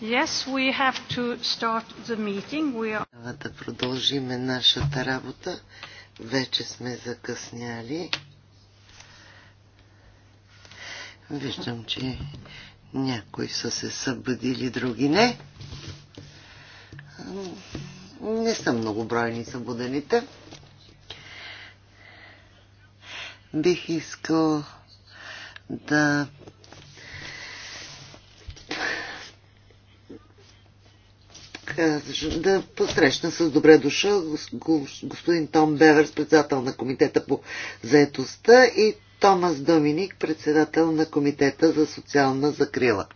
Yes, we have to start the meeting. We are... Трябва да продължиме нашата работа. Вече сме закъсняли. Виждам, че някои са се събудили, други не. Не са много бройни събудените. Бих искал да Е, да посрещна с добре душа господин Том Беверс, председател на Комитета по заетостта и Томас Доминик, председател на Комитета за социална закрила.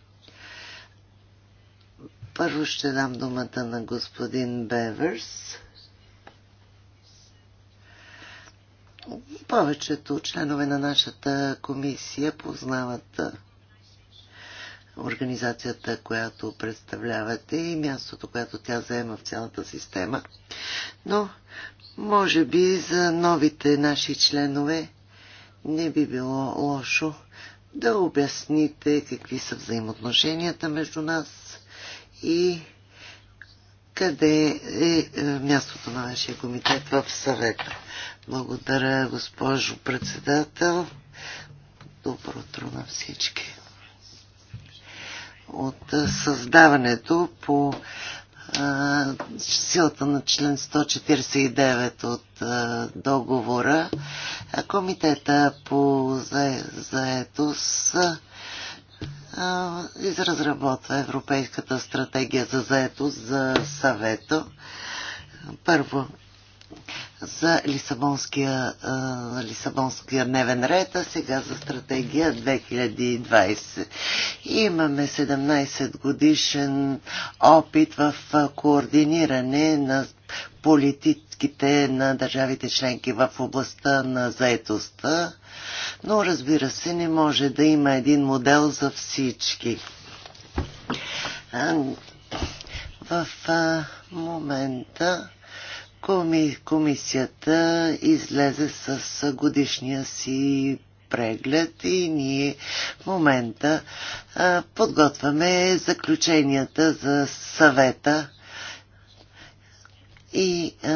Първо ще дам думата на господин Беверс. Повечето членове на нашата комисия познават организацията, която представлявате и мястото, което тя заема в цялата система. Но, може би, за новите наши членове не би било лошо да обясните какви са взаимоотношенията между нас и къде е, е мястото на вашия комитет в съвета. Благодаря, госпожо председател. Добро утро на всички от създаването по силата на член 149 от договора, комитета по заетост изразработва Европейската стратегия за заетост за съвето. Първо, за Лисабонския, а, Лисабонския дневен ред, а сега за стратегия 2020. Имаме 17 годишен опит в координиране на политиките на държавите членки в областта на заетостта, но разбира се не може да има един модел за всички. В а, момента Коми, комисията излезе с годишния си преглед и ние в момента а, подготвяме заключенията за съвета и а,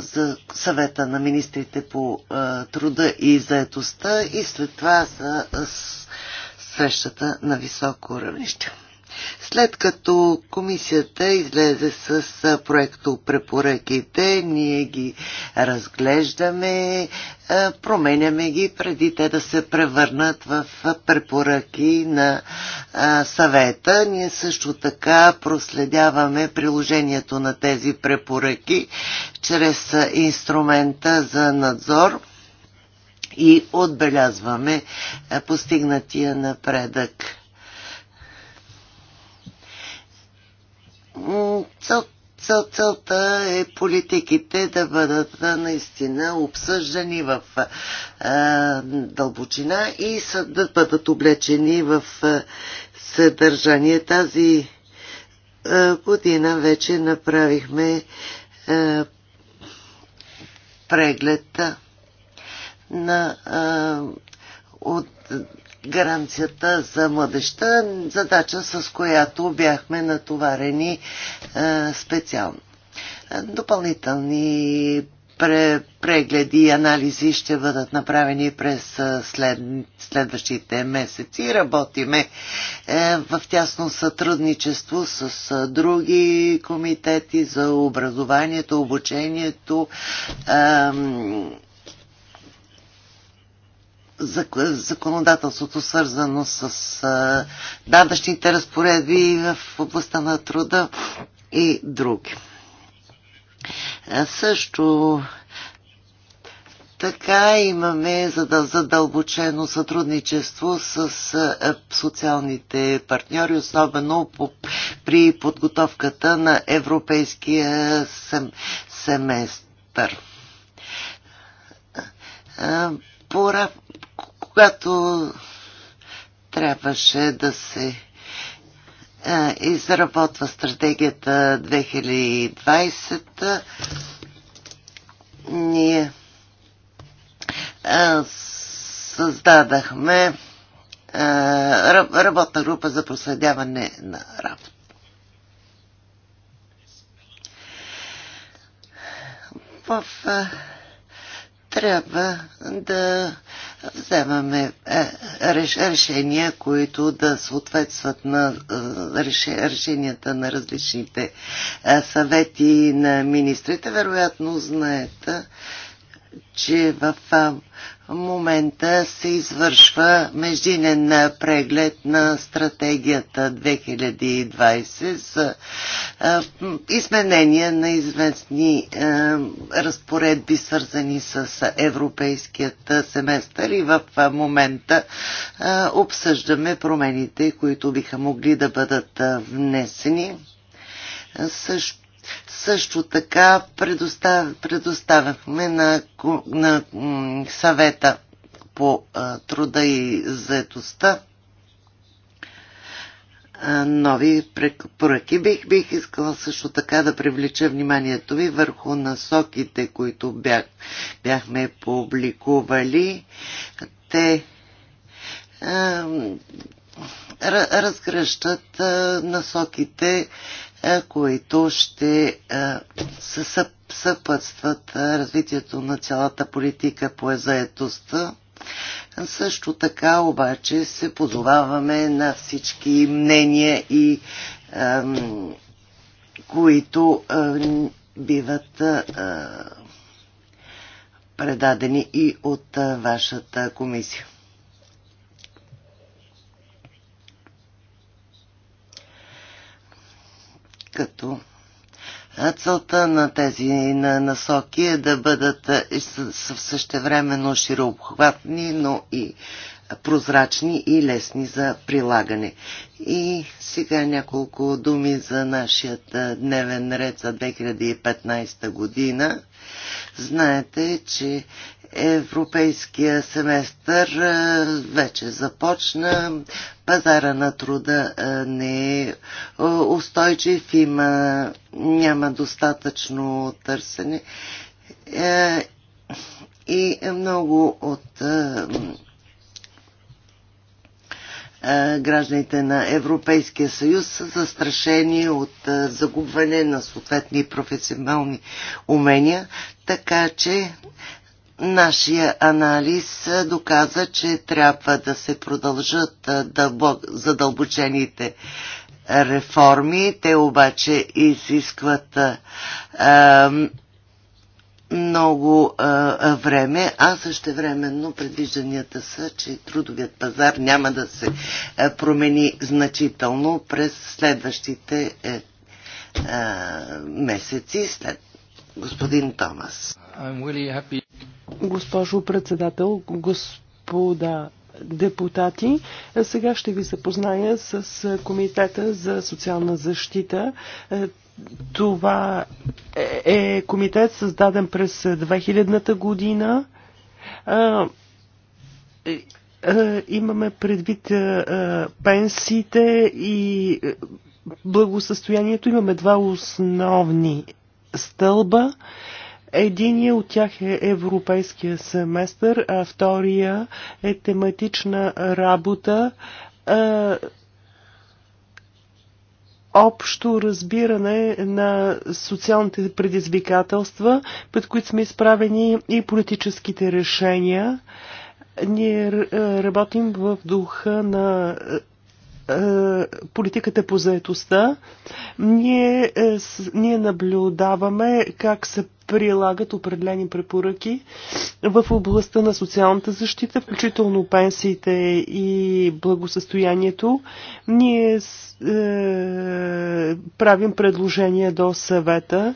за съвета на министрите по а, труда и заетостта и след това за а, срещата на високо равнище. След като комисията излезе с проекто препоръките, ние ги разглеждаме, променяме ги преди те да се превърнат в препоръки на съвета. Ние също така проследяваме приложението на тези препоръки чрез инструмента за надзор и отбелязваме постигнатия напредък. целта е политиките да бъдат наистина обсъждани в дълбочина и да бъдат облечени в съдържание. Тази година вече направихме преглед на от гаранцията за младеща, задача с която бяхме натоварени е, специално. Е, допълнителни прегледи и анализи ще бъдат направени през е, след, следващите месеци. Работиме е, в тясно сътрудничество с е, други комитети за образованието, обучението, е, законодателството, свързано с данъчните разпореди в областта на труда и други. Също така имаме задълбочено сътрудничество с социалните партньори, особено по, при подготовката на европейския сем, семестър. Пора когато трябваше да се а, изработва стратегията 2020, ние а, създадахме а, работна група за проследяване на работа. В, а, трябва да вземаме е, решения, които да съответстват на е, решенията на различните е, съвети на министрите. Вероятно знаете, че в момента се извършва междинен преглед на стратегията 2020 за изменения на известни разпоредби, свързани с европейският семестър и в момента обсъждаме промените, които биха могли да бъдат внесени. Също също така предостав, предоставяхме на, на съвета по а, труда и заетостта нови препоръки. Бих, бих искала също така да привлеча вниманието ви върху насоките, които бях, бяхме публикували. Те а, разгръщат а, насоките които ще съпътстват развитието на цялата политика по заедостта. Също така обаче се позоваваме на всички мнения и които биват предадени и от вашата комисия. като Целта на тези насоки е да бъдат същевременно широобхватни, но и прозрачни и лесни за прилагане. И сега няколко думи за нашият дневен ред за 2015 година. Знаете, че Европейския семестър вече започна. Пазара на труда не е устойчив, има, няма достатъчно търсене и много от гражданите на Европейския съюз са застрашени от загубване на съответни професионални умения, така че Нашия анализ доказа, че трябва да се продължат задълбочените реформи. Те обаче изискват много а, време, а също времено предвижданията са, че трудовият пазар няма да се промени значително през следващите е, а, месеци след господин Томас. I'm really happy. Госпожо председател, господа депутати. Сега ще ви запозная с Комитета за социална защита. Това е комитет създаден през 2000-та година. Имаме предвид пенсиите и благосъстоянието. Имаме два основни стълба. Единият от тях е европейския семестър, а втория е тематична работа общо разбиране на социалните предизвикателства, пред които сме изправени и политическите решения. Ние работим в духа на политиката по заетостта. Ние, е, ние наблюдаваме как се прилагат определени препоръки в областта на социалната защита, включително пенсиите и благосъстоянието. Ние е, правим предложения до съвета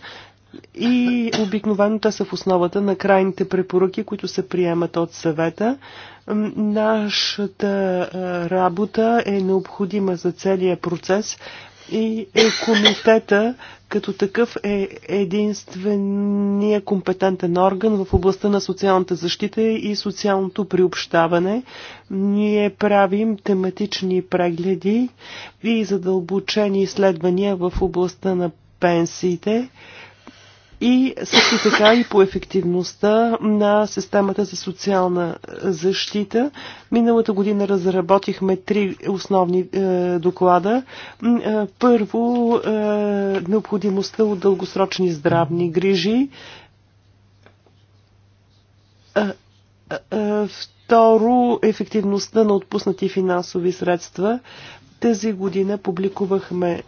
и обикновено те са в основата на крайните препоръки, които се приемат от съвета. Нашата е, работа е необходима за целия процес, и е комитета като такъв е единствения компетентен орган в областта на социалната защита и социалното приобщаване. Ние правим тематични прегледи и задълбочени изследвания в областта на пенсиите и също така и по ефективността на системата за социална е, защита. Миналата година разработихме три основни е, доклада. Е, първо, е, необходимостта от дългосрочни здравни грижи. Е, второ, ефективността на отпуснати финансови средства. Тази година публикувахме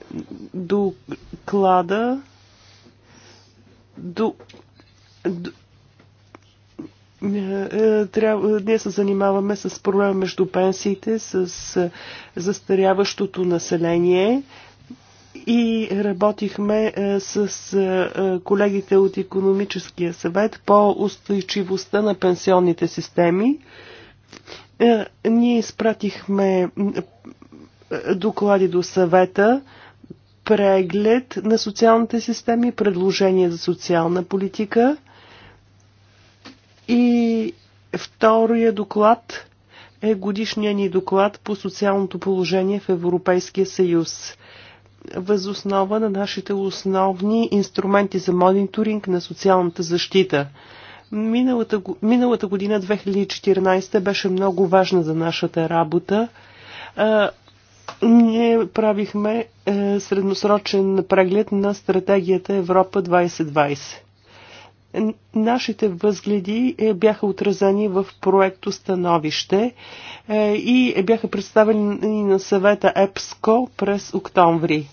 доклада до, до е, трябва, ние се занимаваме с проблема между пенсиите, с е, застаряващото население и работихме е, с колегите от економическия съвет по устойчивостта на пенсионните системи. Ние изпратихме доклади до съвета преглед на социалните системи, предложение за социална политика и втория доклад е годишния ни доклад по социалното положение в Европейския съюз. Възоснова на нашите основни инструменти за мониторинг на социалната защита. Миналата, миналата година, 2014, беше много важна за нашата работа ние правихме е, средносрочен преглед на стратегията Европа 2020. Нашите възгледи е, бяха отразени в проекто становище е, и бяха представени на съвета ЕПСКО през октомври.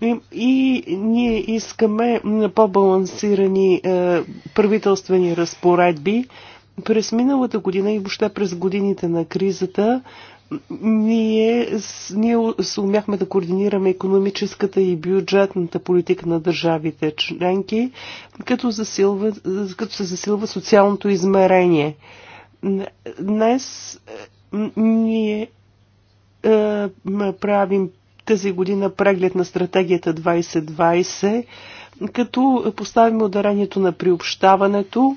И, и ние искаме по-балансирани е, правителствени разпоредби. През миналата година и въобще през годините на кризата ние, ние се умяхме да координираме економическата и бюджетната политика на държавите членки, като, засилва, като се засилва социалното измерение. Днес ние е, правим тази година преглед на стратегията 2020, като поставим ударението на приобщаването,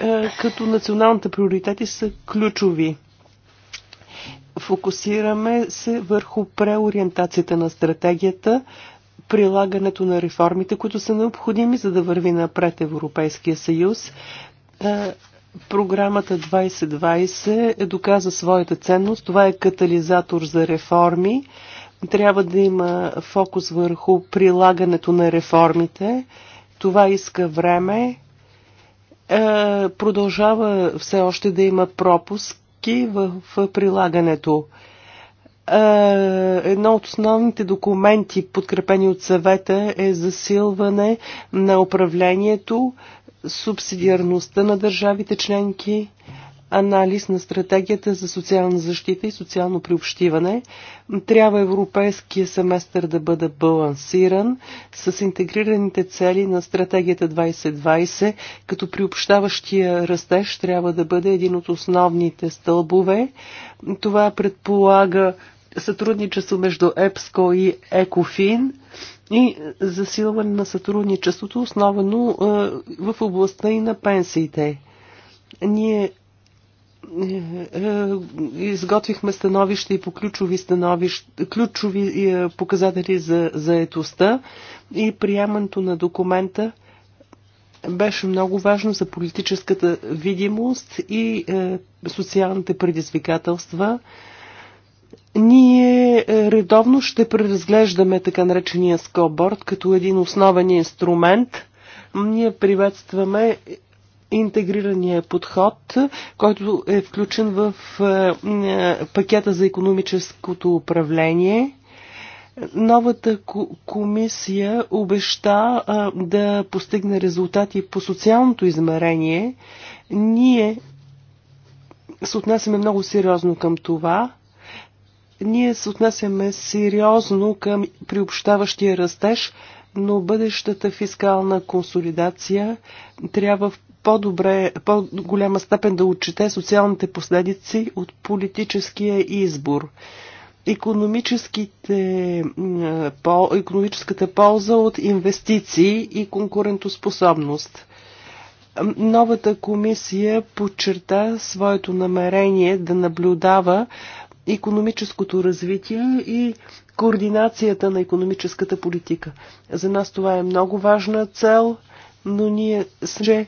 е, като националните приоритети са ключови. Фокусираме се върху преориентацията на стратегията, прилагането на реформите, които са необходими, за да върви напред Европейския съюз. Е, програмата 2020 доказа своята ценност. Това е катализатор за реформи. Трябва да има фокус върху прилагането на реформите. Това иска време. Е, продължава все още да има пропуск стъпки в, в прилагането. Е, едно от основните документи, подкрепени от съвета, е засилване на управлението, субсидиарността на държавите членки, анализ на стратегията за социална защита и социално приобщиване. Трябва европейския семестър да бъде балансиран с интегрираните цели на стратегията 2020, като приобщаващия растеж трябва да бъде един от основните стълбове. Това предполага сътрудничество между ЕПСКО и ЕКОФИН и засилване на сътрудничеството, основано е, в областта и на пенсиите. Ние изготвихме становища и по ключови, становища, ключови е, показатели за заетостта и приемането на документа беше много важно за политическата видимост и е, социалните предизвикателства. Ние е, редовно ще преразглеждаме така наречения скоборд като един основен инструмент. Ние приветстваме интегрирания подход, който е включен в е, е, пакета за економическото управление. Новата комисия обеща е, да постигне резултати по социалното измерение. Ние се отнасяме много сериозно към това ние се отнасяме сериозно към приобщаващия растеж, но бъдещата фискална консолидация трябва в по-добре, по-голяма степен да отчете социалните последици от политическия избор. Економическите, е, по, економическата полза от инвестиции и конкурентоспособност. Новата комисия подчерта своето намерение да наблюдава економическото развитие и координацията на економическата политика. За нас това е много важна цел, но ние, че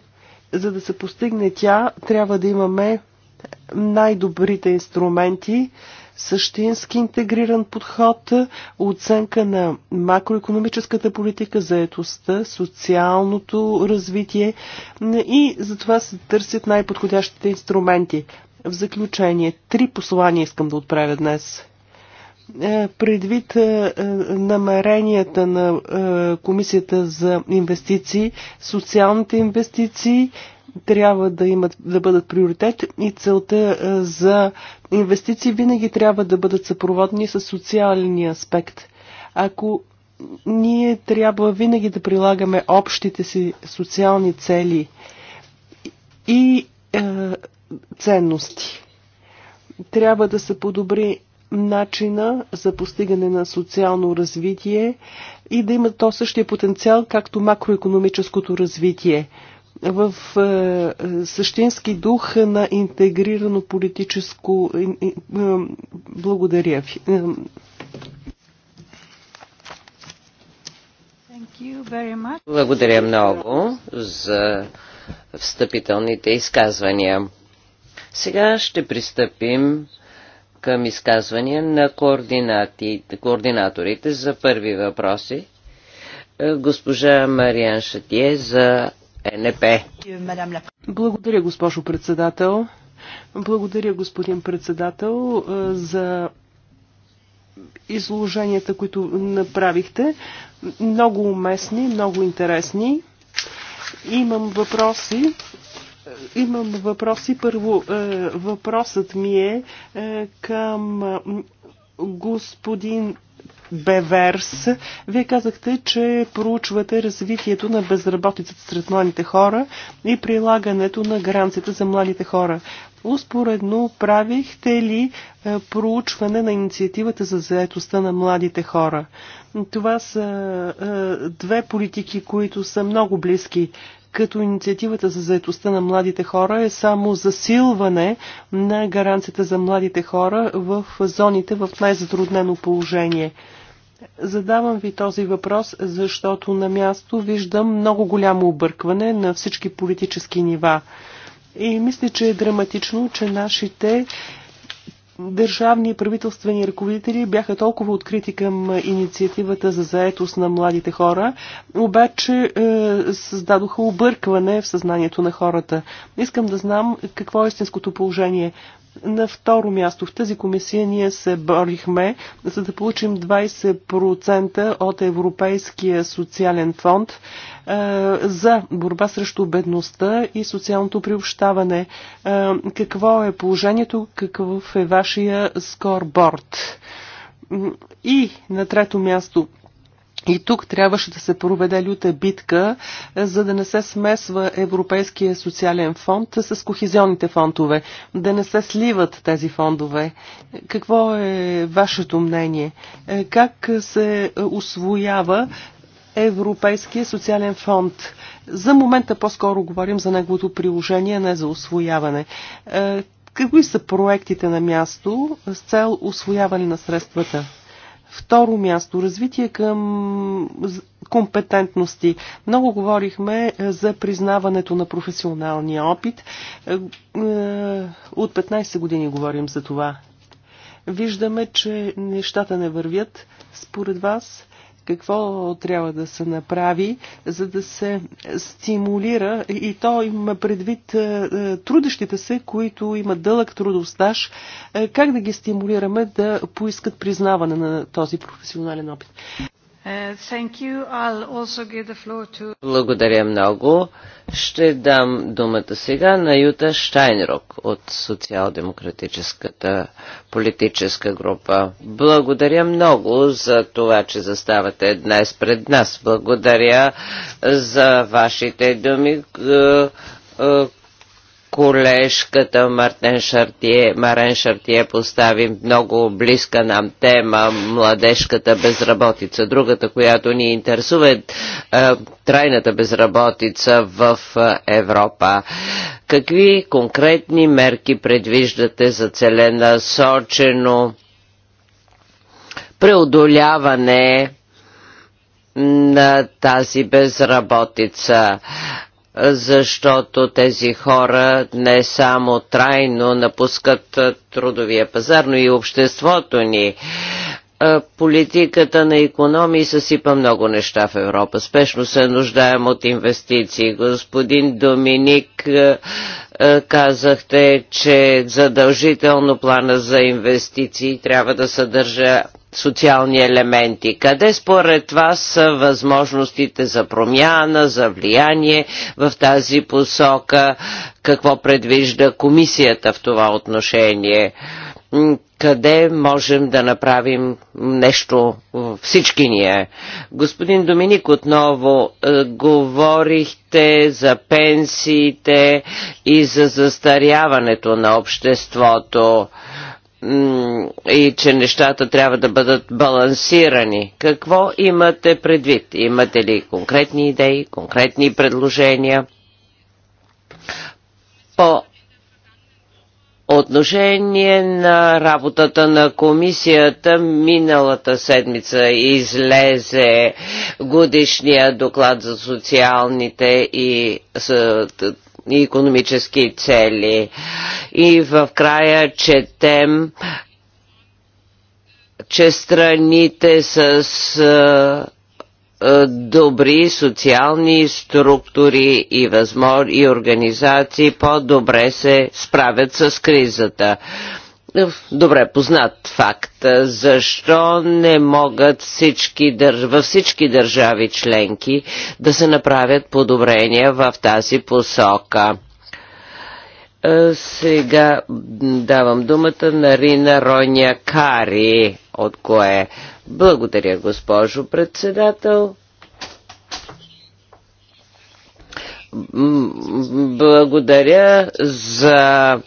за да се постигне тя, трябва да имаме най-добрите инструменти, същински интегриран подход, оценка на макроекономическата политика, заетостта, социалното развитие и за това се търсят най-подходящите инструменти. В заключение, три послания искам да отправя днес. Е, предвид е, е, намеренията на Комисията за инвестиции, социалните инвестиции трябва да, имат, да бъдат приоритет и целта за инвестиции винаги трябва да бъдат съпроводни с социалния аспект. Ако ние трябва винаги да прилагаме общите си социални цели и е, ценности. Трябва да се подобри начина за постигане на социално развитие и да има то същия потенциал, както макроекономическото развитие в е, същински дух на интегрирано политическо. Е, е, благодаря ви. Е, благодаря много за встъпителните изказвания. Сега ще пристъпим към изказвания на координаторите за първи въпроси. Е, госпожа Мариан Шатие за НП. Благодаря, госпожо председател. Благодаря, господин председател, е, за изложенията, които направихте. Много уместни, много интересни. Имам въпроси имам въпроси. Първо, е, въпросът ми е, е към е, господин Беверс. Вие казахте, че проучвате развитието на безработицата сред младите хора и прилагането на гаранцията за младите хора. Успоредно правихте ли проучване на инициативата за заетостта на младите хора? Това са две политики, които са много близки като инициативата за заетостта на младите хора е само засилване на гаранцията за младите хора в зоните в най-затруднено положение. Задавам ви този въпрос, защото на място виждам много голямо объркване на всички политически нива. И мисля, че е драматично, че нашите държавни и правителствени ръководители бяха толкова открити към инициативата за заетост на младите хора, обаче е, създадоха объркване в съзнанието на хората. Искам да знам какво е истинското положение. На второ място в тази комисия ние се борихме за да получим 20% от Европейския социален фонд е, за борба срещу бедността и социалното приобщаване. Е, какво е положението? Какъв е вашия скорборд? И на трето място – и тук трябваше да се проведе люта битка, е, за да не се смесва Европейския социален фонд с кохезионните фондове, да не се сливат тези фондове. Какво е вашето мнение? Е, как се е, освоява Европейския социален фонд? За момента по-скоро говорим за неговото приложение, не за освояване. Какви са проектите на място с цел освояване на средствата? Второ място, развитие към компетентности. Много говорихме е, за признаването на професионалния опит. Е, е, от 15 години говорим за това. Виждаме, че нещата не вървят. Според вас, какво трябва да се направи, за да се стимулира и то има предвид е, е, трудещите се, които имат дълъг трудов стаж, е, как да ги стимулираме да поискат признаване на този професионален опит. Uh, Благодаря много. Ще дам думата сега на Юта Штайнрок от Социал-демократическата политическа група. Благодаря много за това, че заставате днес пред нас. Благодаря за вашите думи, е, е, колежката Мартен Шартие, Марен Шартие постави много близка нам тема младежката безработица. Другата, която ни интересува е, е трайната безработица в е, Европа. Какви конкретни мерки предвиждате за целенасочено преодоляване на тази безработица? защото тези хора не само трайно напускат трудовия пазар, но и обществото ни политиката на економии съсипа много неща в Европа. Спешно се нуждаем от инвестиции. Господин Доминик, казахте, че задължително плана за инвестиции трябва да съдържа социални елементи. Къде според вас са възможностите за промяна, за влияние в тази посока? Какво предвижда комисията в това отношение? къде можем да направим нещо всички ние. Господин Доминик, отново е, говорихте за пенсиите и за застаряването на обществото и че нещата трябва да бъдат балансирани. Какво имате предвид? Имате ли конкретни идеи, конкретни предложения? По отношение на работата на комисията миналата седмица излезе годишния доклад за социалните и и економически цели. И в края четем, че страните с е, добри социални структури и, възмор, и организации по-добре се справят с кризата е, добре познат факт. Защо не могат всички, във всички държави членки да се направят подобрения в тази посока? Сега давам думата на Рина Роня Кари, от кое. Благодаря, госпожо председател. Благодаря за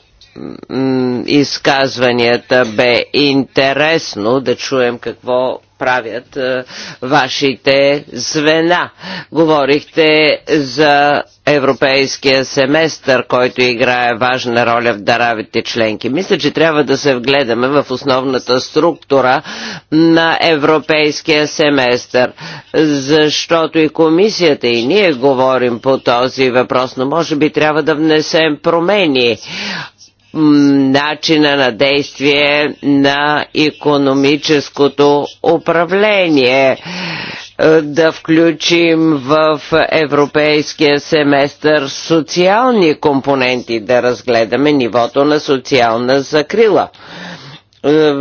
изказванията бе интересно да чуем какво правят е, вашите звена. Говорихте за европейския семестър, който играе важна роля в държавите членки. Мисля, че трябва да се вгледаме в основната структура на европейския семестър, защото и комисията и ние говорим по този въпрос, но може би трябва да внесем промени начина на действие на економическото управление е, да включим в европейския семестър социални компоненти, да разгледаме нивото на социална закрила. Е,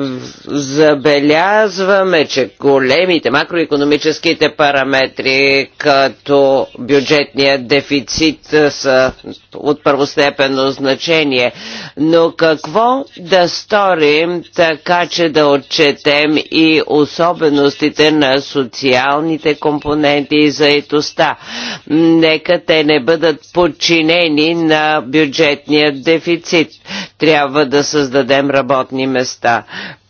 забелязваме, че големите макроекономическите параметри, като бюджетният дефицит, е, са от първостепенно значение, но какво да сторим така, че да отчетем и особеностите на социалните компоненти и заедостта? Нека те не бъдат подчинени на бюджетния дефицит. Трябва да създадем работни места.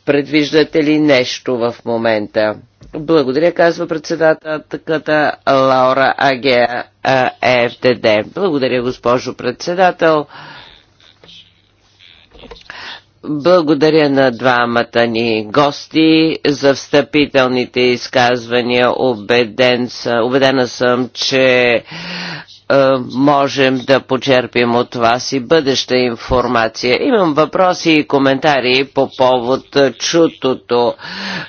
Предвиждате ли нещо в момента? Благодаря, казва председателката Лаура Агея РТД. Е Благодаря, госпожо председател. Благодаря на двамата ни гости за встъпителните изказвания. Убеден, убедена съм, че е, можем да почерпим от вас и бъдеща информация. Имам въпроси и коментари по повод е, чутото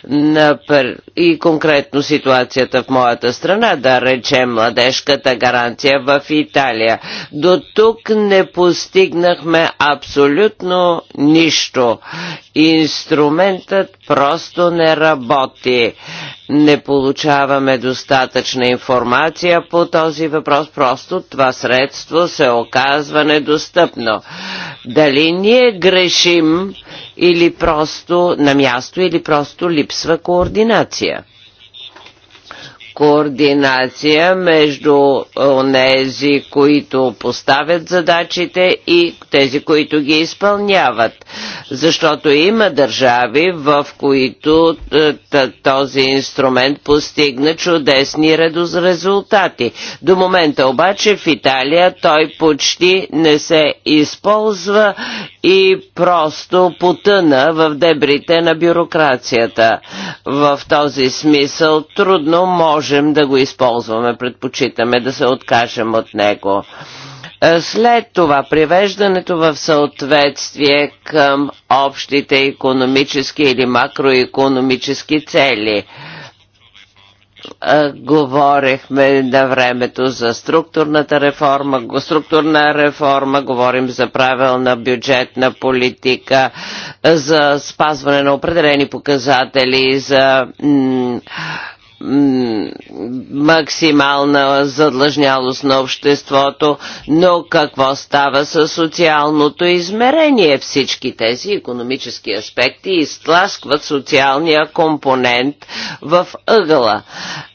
на пер... и конкретно ситуацията в моята страна, да речем младежката гаранция в Италия. До тук не постигнахме абсолютно нищо. Инструментът просто не работи. Не получаваме достатъчна информация по този въпрос, просто това средство се оказва недостъпно. Дали ние грешим или просто на място, или просто липсва координация? координация между тези, които поставят задачите и тези, които ги изпълняват. Защото има държави, в които е, този инструмент постигна чудесни резултати. До момента обаче в Италия той почти не се използва и просто потъна в дебрите на бюрокрацията. В този смисъл трудно може можем да го използваме. Предпочитаме да се откажем от него. Е, след това привеждането в съответствие към общите економически или макроекономически цели е, говорехме на времето за структурната реформа, структурна реформа, говорим за правилна бюджетна политика, е, за спазване на определени показатели, за максимална задлъжнялост на обществото, но какво става с социалното измерение? Всички тези економически аспекти изтласкват социалния компонент в ъгъла.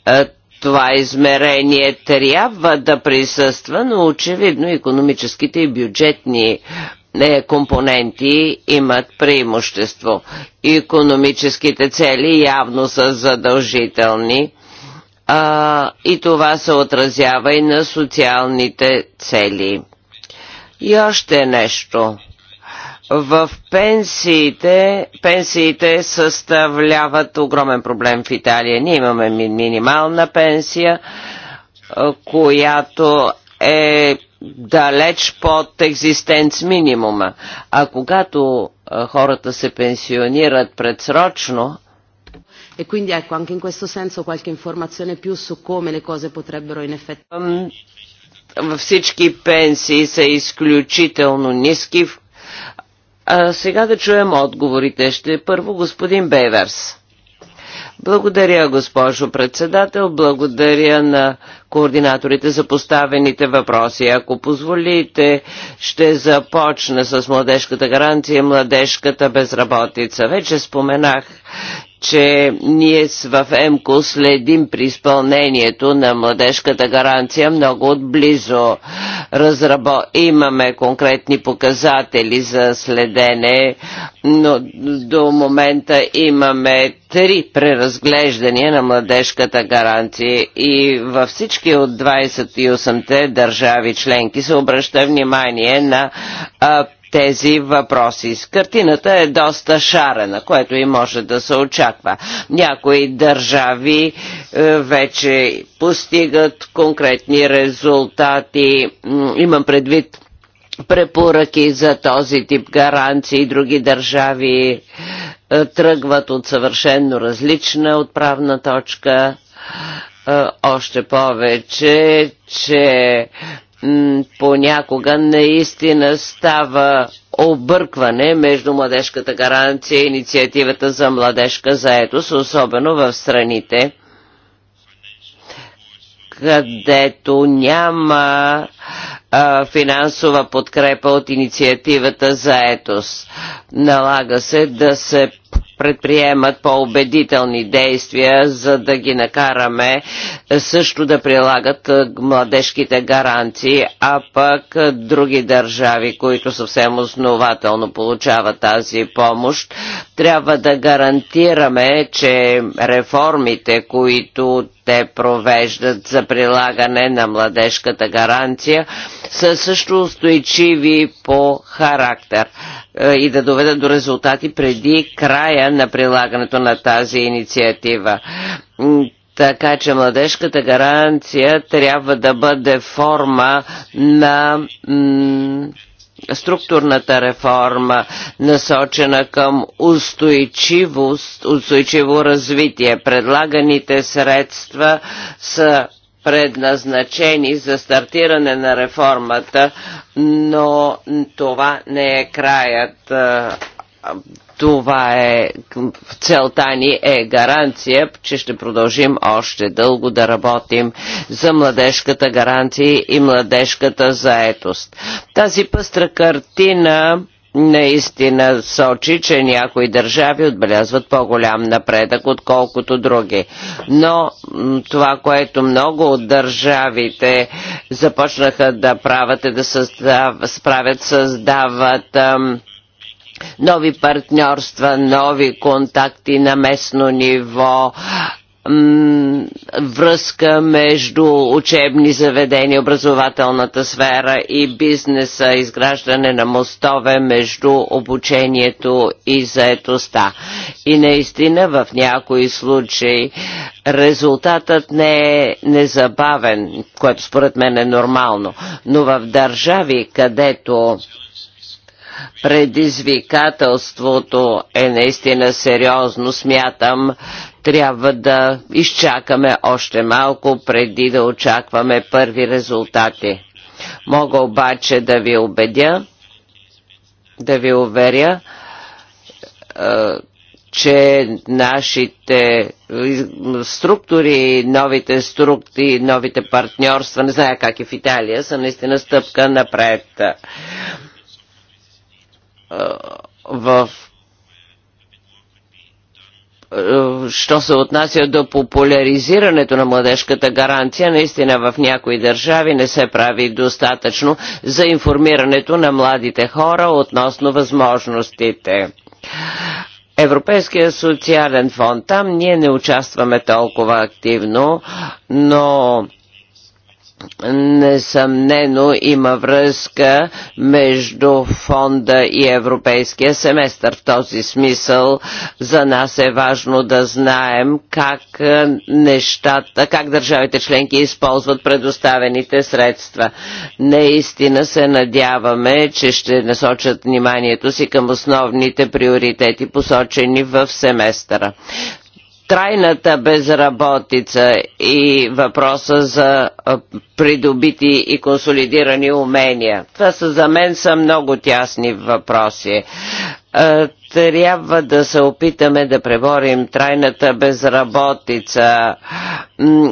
Е, това измерение трябва да присъства, но очевидно економическите и бюджетни компоненти имат преимущество. Економическите цели явно са задължителни а, и това се отразява и на социалните цели. И още нещо. В пенсиите, пенсиите съставляват огромен проблем в Италия. Ние имаме минимална пенсия, която е далеч под екзистенц минимума. А когато хората се пенсионират предсрочно, E quindi ecco anche in questo senso qualche informazione più su come le cose potrebbero in effetti. Всички пенсии са изключително ниски. А сега да чуем отговорите. Ще първо господин Бейверс. Благодаря, госпожо председател. Благодаря на координаторите за поставените въпроси. Ако позволите, ще започна с младежката гаранция и младежката безработица. Вече споменах, че ние в ЕМКО следим при изпълнението на младежката гаранция много отблизо. Разрабо... Имаме конкретни показатели за следене, но до момента имаме три преразглеждания на младежката гаранция и във всички от 28-те държави членки се обръща внимание на тези въпроси. С картината е доста шарена, което и може да се очаква. Някои държави е, вече постигат конкретни резултати. Имам предвид препоръки за този тип гаранции. Други държави е, тръгват от съвършенно различна отправна точка. Е, още повече, че понякога наистина става объркване между младежката гаранция и инициативата за младежка заедост, особено в страните, където няма а, финансова подкрепа от инициативата заедост. Налага се да се предприемат по-убедителни действия, за да ги накараме е, също да прилагат е, младежките гаранции, а пък е, други държави, които съвсем основателно получават тази помощ, трябва да гарантираме, че реформите, които те провеждат за прилагане на младежката гаранция, са също устойчиви по характер. Е, и да доведат до резултати преди края на прилагането на тази инициатива. Така че младежката гаранция трябва да бъде форма на структурната реформа, насочена към устойчивост, устойчиво развитие. Предлаганите средства са предназначени за стартиране на реформата, но това не е краят. Това е целта ни е гаранция, че ще продължим още дълго да работим за младежката гаранция и младежката заетост. Тази пъстра картина наистина сочи, че някои държави отбелязват по-голям напредък, отколкото други. Но това, което много от държавите започнаха да правят е да създав, справят, създават ам, нови партньорства, нови контакти на местно ниво, връзка между учебни заведения, образователната сфера и бизнеса, изграждане на мостове между обучението и заетостта. И наистина в някои случаи резултатът не е незабавен, което според мен е нормално, но в държави, където Предизвикателството е наистина сериозно, смятам, трябва да изчакаме още малко преди да очакваме първи резултати. Мога обаче да ви убедя, да ви уверя, е, че нашите е, структури, новите структури, новите партньорства, не зная как е в Италия, са наистина стъпка напред в що се отнася до популяризирането на младежката гаранция, наистина в някои държави не се прави достатъчно за информирането на младите хора относно възможностите. Европейския социален фонд, там ние не участваме толкова активно, но несъмнено има връзка между фонда и европейския семестър. В този смисъл за нас е важно да знаем как нещата, как държавите членки използват предоставените средства. Наистина се надяваме, че ще насочат вниманието си към основните приоритети, посочени в семестъра трайната безработица и въпроса за придобити и консолидирани умения. Това са за мен са много тясни въпроси. Е, трябва да се опитаме да преборим трайната безработица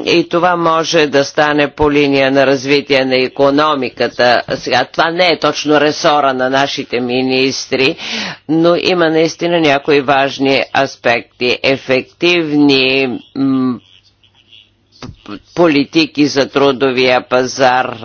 и това може да стане по линия на развитие на економиката. Сега, това не е точно ресора на нашите министри, но има наистина някои важни аспекти. Ефективни политики за трудовия пазар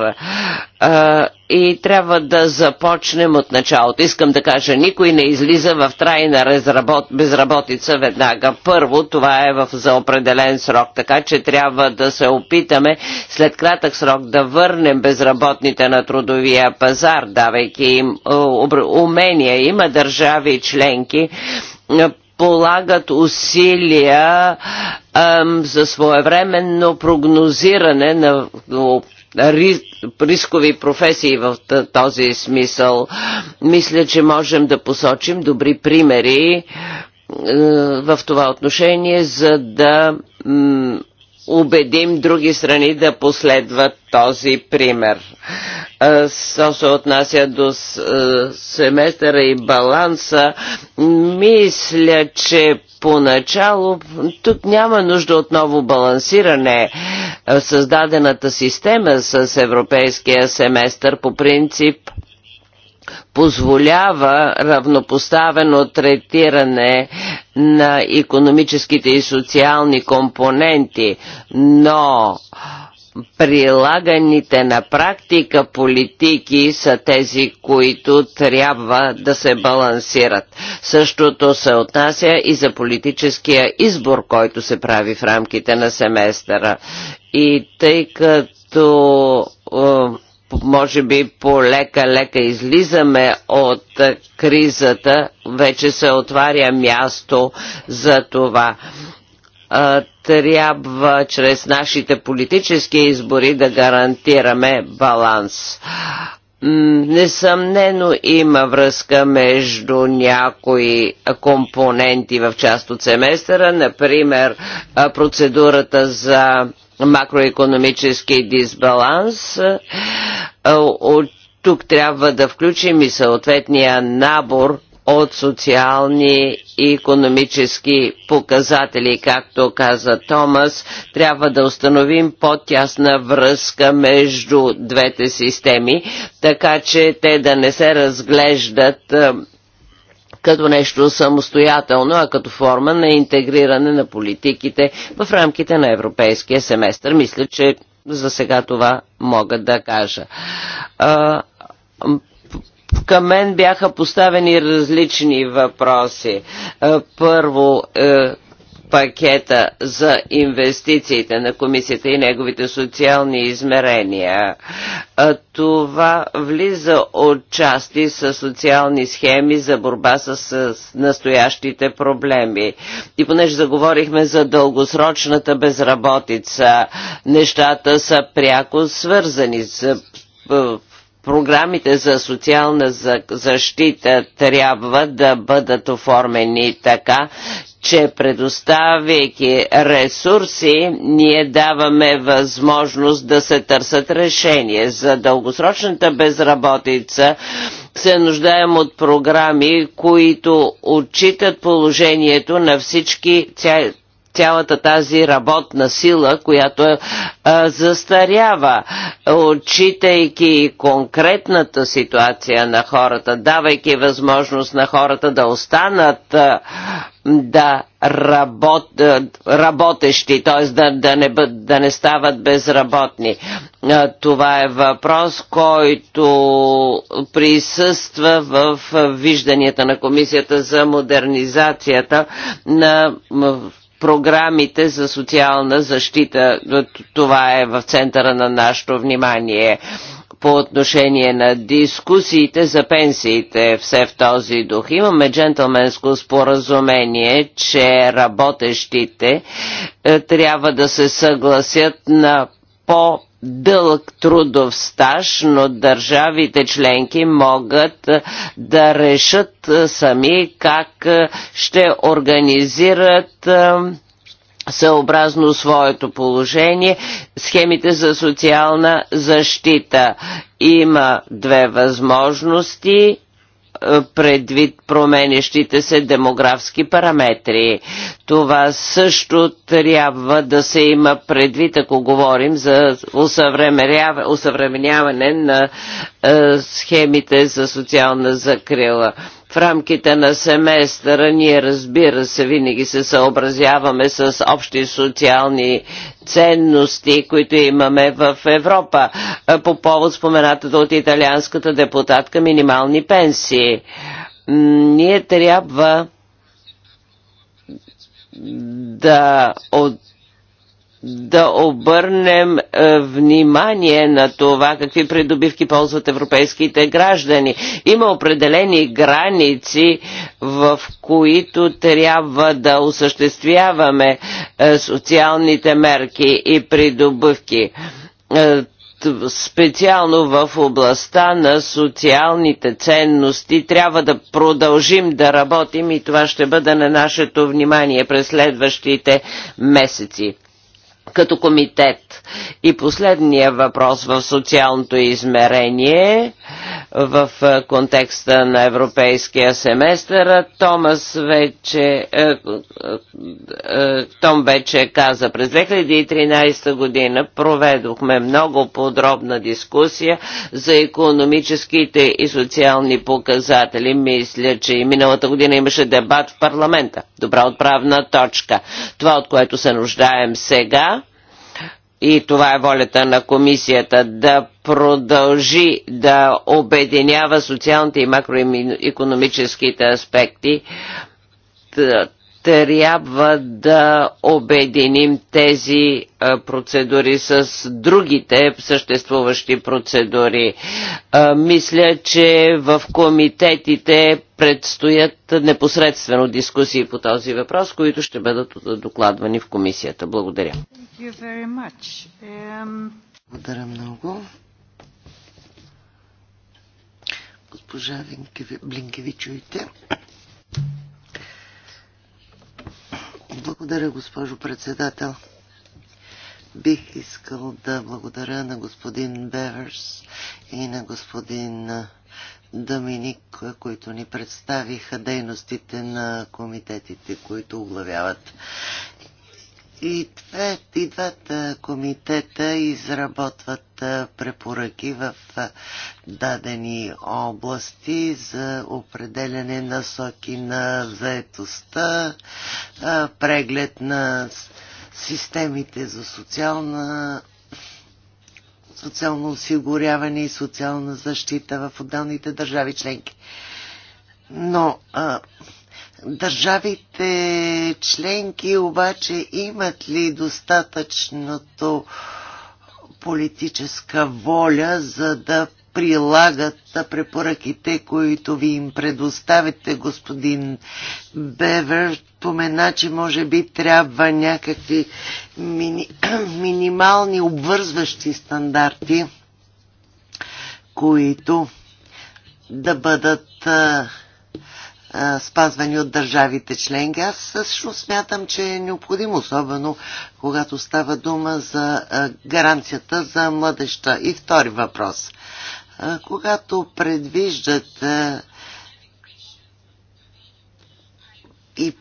и трябва да започнем от началото. Искам да кажа, никой не излиза в трайна разработ... безработица веднага. Първо, това е в... за определен срок, така че трябва да се опитаме след кратък срок да върнем безработните на трудовия пазар, давайки им е, умения. Има държави и членки, полагат усилия ам, за своевременно прогнозиране на рискови професии в този смисъл. Мисля, че можем да посочим добри примери в това отношение, за да убедим други страни да последват този пример. Що се отнася до семестъра и баланса, мисля, че поначало тук няма нужда от ново балансиране. Създадената система с европейския семестър по принцип позволява равнопоставено третиране на економическите и социални компоненти, но прилаганите на практика политики са тези, които трябва да се балансират. Същото се отнася и за политическия избор, който се прави в рамките на семестъра. И тъй като е, може би полека-лека излизаме от кризата, вече се отваря място за това трябва чрез нашите политически избори да гарантираме баланс. Несъмнено има връзка между някои компоненти в част от семестъра, например процедурата за макроекономически дисбаланс. Е, от тук трябва да включим и съответния набор от социални и економически показатели, както каза Томас, трябва да установим по-тясна връзка между двете системи, така че те да не се разглеждат е, като нещо самостоятелно, а като форма на интегриране на политиките в рамките на европейския семестър. Мисля, че за сега това мога да кажа. към мен бяха поставени различни въпроси. Първо, е, пакета за инвестициите на комисията и неговите социални измерения. Това влиза от части с социални схеми за борба с настоящите проблеми. И понеже заговорихме за дългосрочната безработица, нещата са пряко свързани с програмите за социална защита трябва да бъдат оформени така, че предоставяйки ресурси, ние даваме възможност да се търсят решения. За дългосрочната безработица се нуждаем от програми, които отчитат положението на всички, ця, цялата тази работна сила, която а, застарява, отчитайки конкретната ситуация на хората, давайки възможност на хората да останат а, да работ, работещи, т.е. Да, да, не, да не стават безработни. Това е въпрос, който присъства в вижданията на Комисията за модернизацията на програмите за социална защита. Това е в центъра на нашето внимание по отношение на дискусиите за пенсиите все в този дух. Имаме джентлменско споразумение, че работещите е, трябва да се съгласят на по дълъг трудов стаж, но държавите членки могат да решат сами как ще организират съобразно своето положение схемите за социална защита. Има две възможности предвид променещите се демографски параметри. Това също трябва да се има предвид, ако говорим за усъвременяване на е, схемите за социална закрила. В рамките на семестъра ние разбира се винаги се съобразяваме с общи социални ценности, които имаме в Европа. Е, по повод споменатата от италианската депутатка минимални пенсии. Ние трябва да от да обърнем е, внимание на това какви придобивки ползват европейските граждани. Има определени граници, в които трябва да осъществяваме е, социалните мерки и придобивки е, специално в областта на социалните ценности. Трябва да продължим да работим и това ще бъде на нашето внимание през следващите месеци като комитет. И последния въпрос в социалното измерение в е, контекста на европейския семестър. Томас вече, е, е, Том вече каза, през 2013 година проведохме много подробна дискусия за економическите и социални показатели. Мисля, че и миналата година имаше дебат в парламента. Добра отправна точка. Това, от което се нуждаем сега, и това е волята на комисията да продължи да обединява социалните и макроекономическите аспекти трябва да обединим тези процедури с другите съществуващи процедури. Мисля, че в комитетите предстоят непосредствено дискусии по този въпрос, които ще бъдат докладвани в комисията. Благодаря. Благодаря много. Госпожа Блинкевичуйте. Благодаря, госпожо председател. Бих искал да благодаря на господин Беверс и на господин Доминик, които ни представиха дейностите на комитетите, които оглавяват. И, две, и двата комитета изработват препоръки в дадени области за определене насоки на заетостта, преглед на системите за социална социално осигуряване и социална защита в отделните държави членки. Но а, Държавите членки обаче имат ли достатъчното политическа воля, за да прилагат препоръките, които ви им предоставите, господин Бевер. Помена, че може би трябва някакви мини, минимални обвързващи стандарти, които да бъдат а, спазвани от държавите членки. Аз също смятам, че е необходимо, особено когато става дума за гаранцията за младеща. И втори въпрос. Когато предвиждат и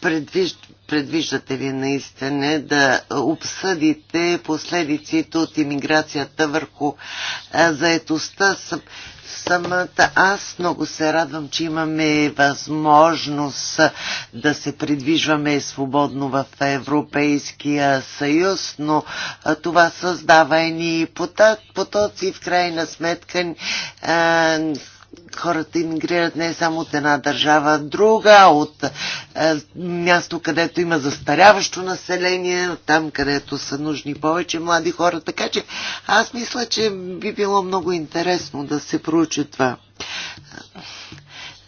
предвиждат предвиждате ли наистина да обсъдите последиците от иммиграцията върху заетостта? самата аз. Много се радвам, че имаме възможност да се придвижваме свободно в Европейския съюз, но това създава и потоци. В крайна сметка хората иммигрират не само от една държава, а друга, от е, място, където има застаряващо население, там, където са нужни повече млади хора. Така че аз мисля, че би било много интересно да се проучи това.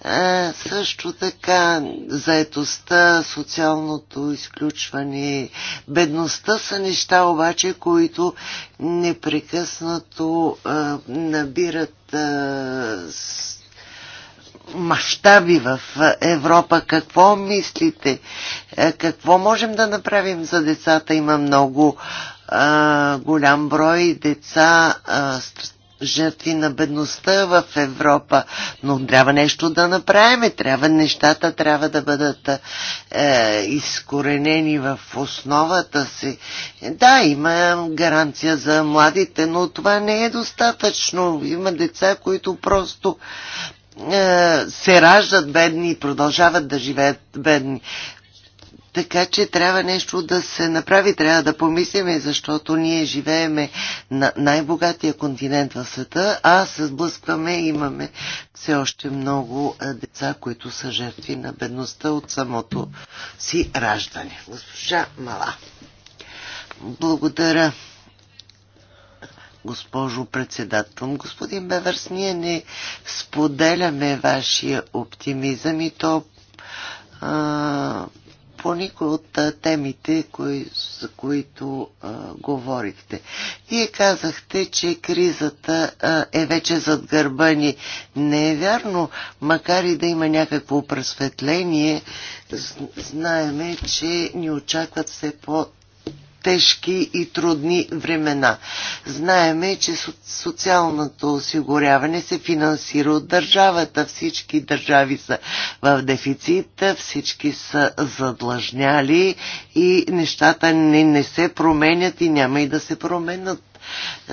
Е, също така заетостта, социалното изключване, бедността са неща обаче, които непрекъснато а, е, набират а, е, мащаби в Европа. Какво мислите? Какво можем да направим за децата? Има много а, голям брой деца, а, жертви на бедността в Европа, но трябва нещо да направим. Трябва нещата трябва да бъдат е, изкоренени в основата си. Да, има гаранция за младите, но това не е достатъчно. Има деца, които просто е, се раждат бедни и продължават да живеят бедни. Така че трябва нещо да се направи, трябва да помислиме, защото ние живееме на най-богатия континент в света, а се сблъскваме и имаме все още много е, деца, които са жертви на бедността от самото си раждане. Госпожа Мала. Благодаря госпожо председател. Господин Беверс, ние не споделяме вашия оптимизъм и то а, по никой от темите, кои, за които а, говорихте. Вие казахте, че кризата а, е вече зад гърба ни. Не е вярно, макар и да има някакво просветление, знаеме, че ни очакват все по тежки и трудни времена. Знаеме, че социалното осигуряване се финансира от държавата. Всички държави са в дефицит, всички са задлъжняли и нещата не, не се променят и няма и да се променят.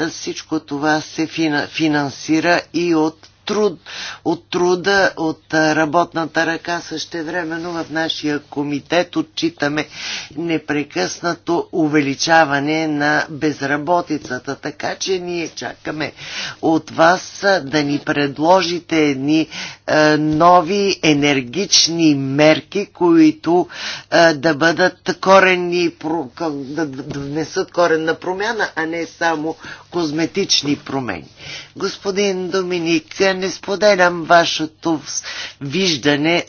Всичко това се финансира и от труд, от труда, от работната ръка. Същевременно в нашия комитет отчитаме непрекъснато увеличаване на безработицата. Така че ние чакаме от вас да ни предложите едни нови енергични мерки, които да бъдат коренни, да внесат коренна промяна, а не само козметични промени. Господин Доминик, не споделям вашето виждане,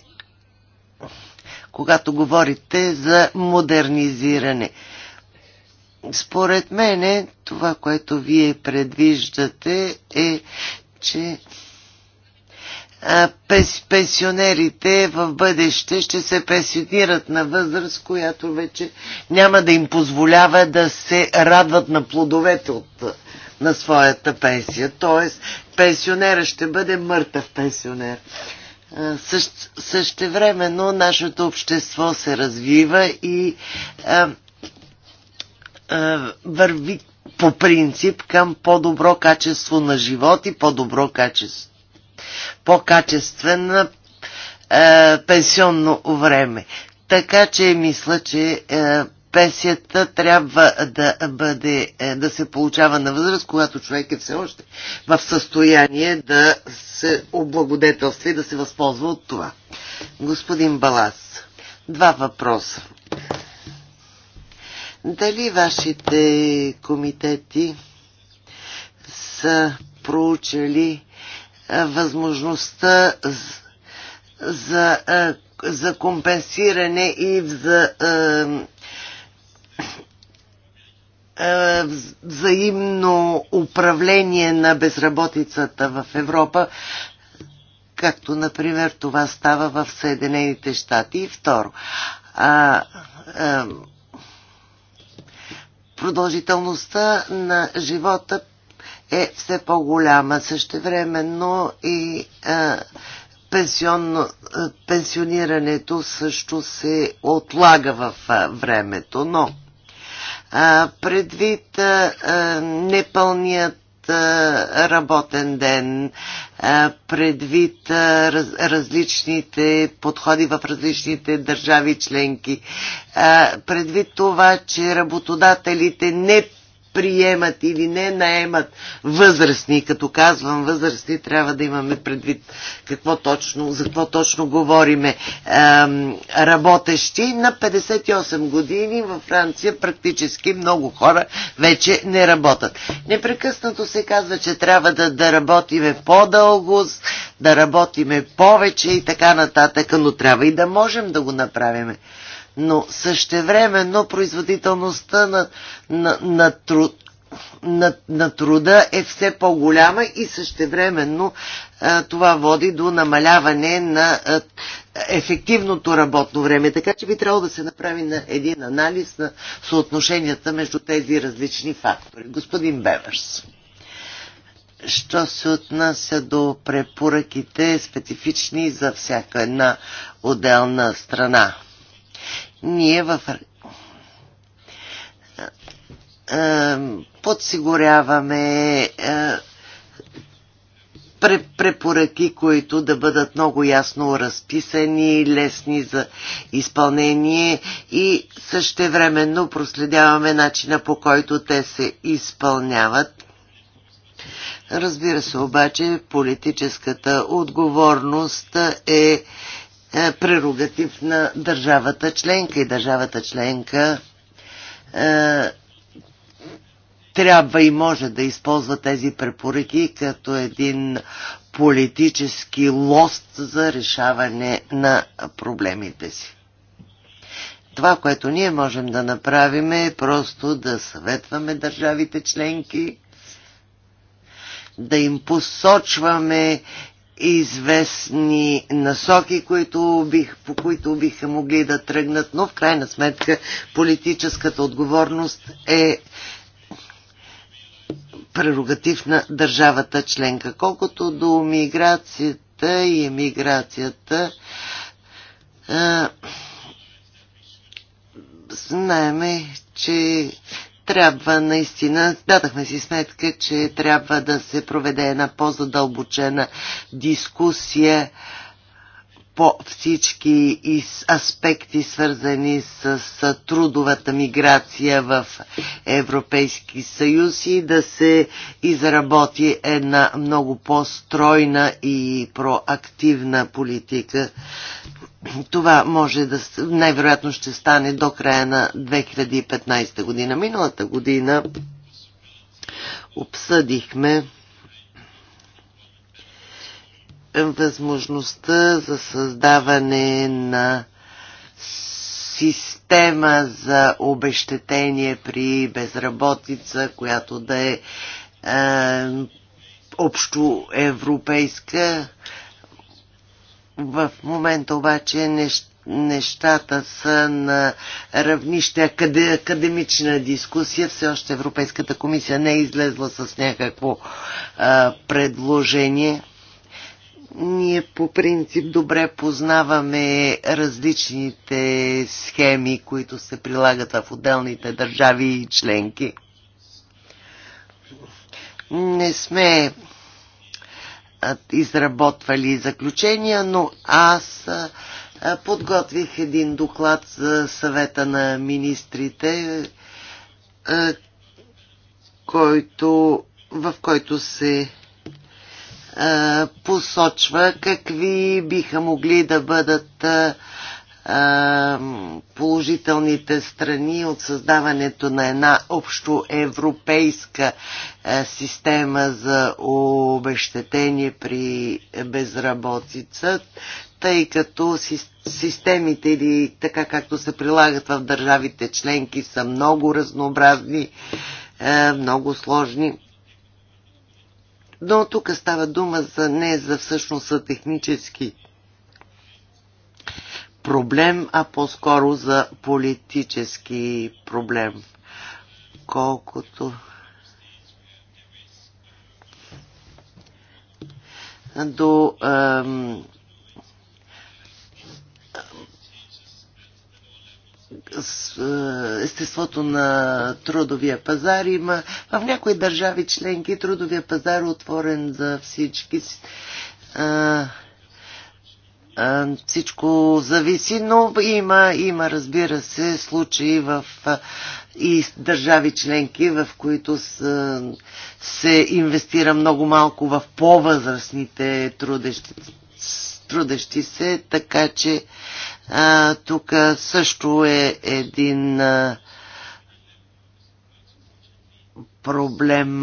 когато говорите за модернизиране. Според мене, това, което вие предвиждате е, че пенсионерите в бъдеще ще се пенсионират на възраст, която вече няма да им позволява да се радват на плодовете от на своята пенсия. Тоест, пенсионера ще бъде мъртъв пенсионер. Същ, същевременно нашето общество се развива и а, а, върви по принцип към по-добро качество на живот и по-добро качество, по качествено пенсионно време. Така че мисля, че пенсията трябва да, бъде, е, да се получава на възраст, когато човек е все още в състояние да се облагодетелства и да се възползва от това. Господин Балас, два въпроса. Дали вашите комитети са проучили е, възможността за, е, за компенсиране и за е, взаимно управление на безработицата в Европа, както, например, това става в Съединените щати. И второ, а, а, е, продължителността на живота е все по-голяма. Същевременно и а, е, пенсионно, а, пенсионирането също се отлага в а, времето, но Предвид непълният работен ден, предвид различните подходи в различните държави членки, предвид това, че работодателите не приемат или не наемат възрастни. Като казвам възрастни, трябва да имаме предвид какво точно, за какво точно говориме. Ем, работещи на 58 години във Франция практически много хора вече не работят. Непрекъснато се казва, че трябва да, да работиме по-дълго, да работиме повече и така нататък, но трябва и да можем да го направим но същевременно производителността на, на, на, труд, на, на труда е все по-голяма и същевременно а, това води до намаляване на а, ефективното работно време. Така че би трябвало да се направи на един анализ на съотношенията между тези различни фактори. Господин Беверс. Що се отнася до препоръките, специфични за всяка една отделна страна? ние в е, е, подсигуряваме е, препоръки, които да бъдат много ясно разписани, лесни за изпълнение и същевременно проследяваме начина по който те се изпълняват. Разбира се обаче, политическата отговорност е е, прерогатив на държавата членка и държавата членка е, трябва и може да използва тези препоръки като един политически лост за решаване на проблемите си. Това, което ние можем да направим е просто да съветваме държавите членки, да им посочваме известни насоки, които бих, по които биха могли да тръгнат, но в крайна сметка политическата отговорност е прерогатив на държавата членка. Колкото до миграцията и емиграцията, знаеме, че трябва наистина, дадахме си сметка, че трябва да се проведе една по-задълбочена дискусия по всички аспекти, свързани с трудовата миграция в Европейски съюз и да се изработи една много по-стройна и проактивна политика. Това може да най-вероятно ще стане до края на 2015 година. Миналата година обсъдихме възможността за създаване на система за обещетение при безработица, която да е, е общо европейска. В момента обаче нещата са на равнище академична дискусия. Все още Европейската комисия не е излезла с някакво е, предложение. Ние по принцип добре познаваме различните схеми, които се прилагат в отделните държави и членки. Не сме изработвали заключения, но аз подготвих един доклад за съвета на министрите, който, в който се посочва какви биха могли да бъдат положителните страни от създаването на една общоевропейска система за обещетение при безработица, тъй като системите или така както се прилагат в държавите членки са много разнообразни, много сложни. Но тук става дума за не за всъщност за технически проблем, а по-скоро за политически проблем. Колкото до ем, Е, естеството на трудовия пазар. Има в някои държави членки трудовия пазар е отворен за всички. А, е, а, е, всичко зависи, но има, има разбира се, случаи в и държави членки, в които са, се инвестира много малко в по-възрастните трудещи трудещи се, така че а, тук също е един а, проблем.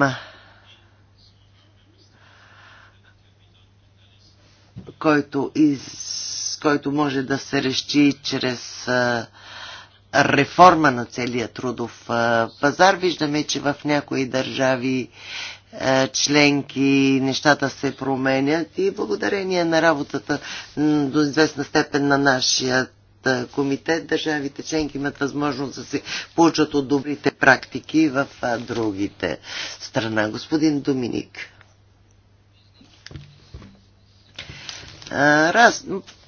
който, из, който може да се реши чрез а, реформа на целия трудов а, пазар. Виждаме, че в някои държави е, членки нещата се променят и благодарение на работата до известна степен на нашия е, комитет, държавите членки имат възможност да се получат от добрите практики в е, другите страна. Господин Доминик. Раз,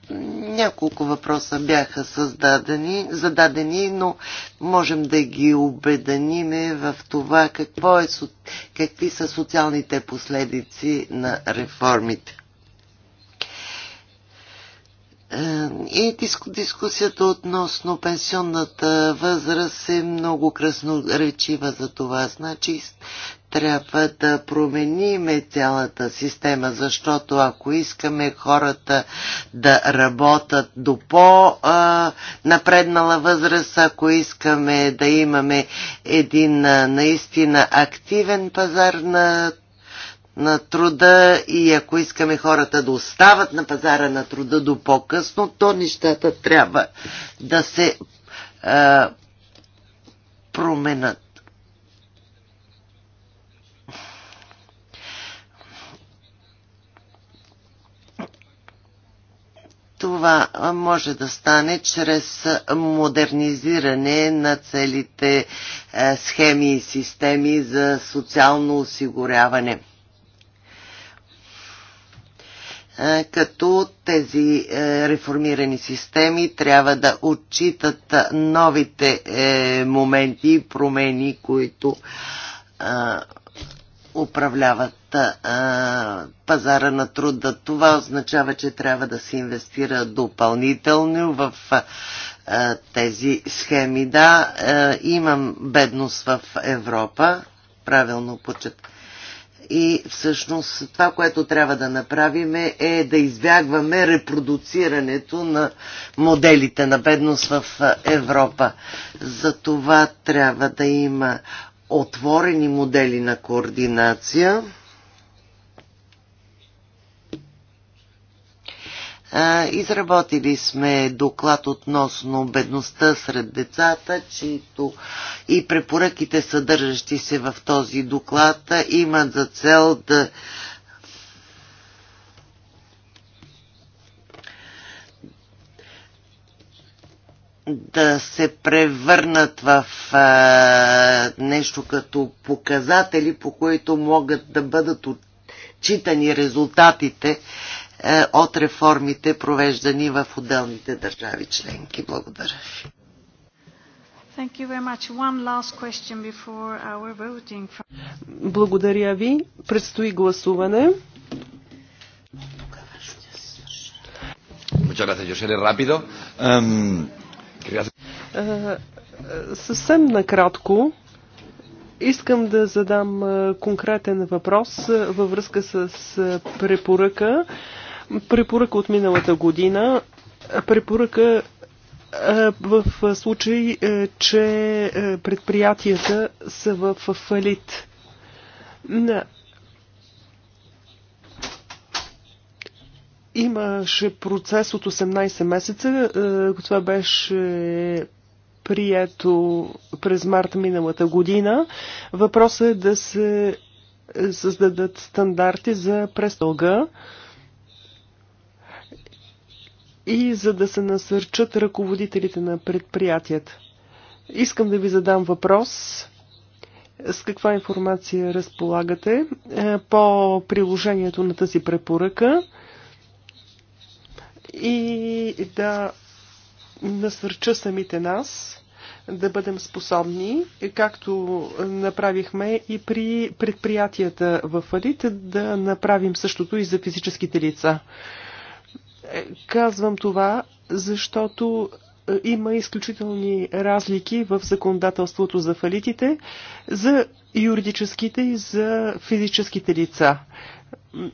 няколко въпроса бяха създадени, зададени, но можем да ги обеданиме в това какво е, какви са социалните последици на реформите. Е, и диску, дискусията относно пенсионната възраст е много красноречива за това. Значи трябва да промениме цялата система, защото ако искаме хората да работят до по-напреднала възраст, ако искаме да имаме един наистина активен пазар на на труда и ако искаме хората да остават на пазара на труда до по-късно, то нещата трябва да се а, променят. Това може да стане чрез модернизиране на целите е, схеми и системи за социално осигуряване. Е, като тези е, реформирани системи трябва да отчитат новите моменти и промени, които управляват а, пазара на труда. Това означава, че трябва да се инвестира допълнително в а, тези схеми. Да, а, имам бедност в Европа, правилно почет. И всъщност това, което трябва да направим е да избягваме репродуцирането на моделите на бедност в Европа. За това трябва да има отворени модели на координация. Изработили сме доклад относно бедността сред децата, чието и препоръките, съдържащи се в този доклад, имат за цел да да се превърнат в а, нещо като показатели, по които могат да бъдат отчитани резултатите а, е, от реформите, провеждани в отделните държави членки. Благодаря ви. Благодаря ви. Предстои гласуване. Muchas gracias. Yo seré rápido. Um... Е, съвсем накратко искам да задам е, конкретен въпрос е, във връзка с препоръка. Препоръка от миналата година. Препоръка в случай, че предприятията са в фалит. Имаше процес от 18 месеца. Е, това беше прието през март миналата година. Въпросът е да се създадат стандарти за престолга и за да се насърчат ръководителите на предприятията. Искам да ви задам въпрос. С каква информация разполагате е, по приложението на тази препоръка? и да насърча самите нас да бъдем способни, както направихме и при предприятията в Алит, да направим същото и за физическите лица. Е, казвам това, защото е, има изключителни разлики в законодателството за фалитите, за юридическите и за физическите лица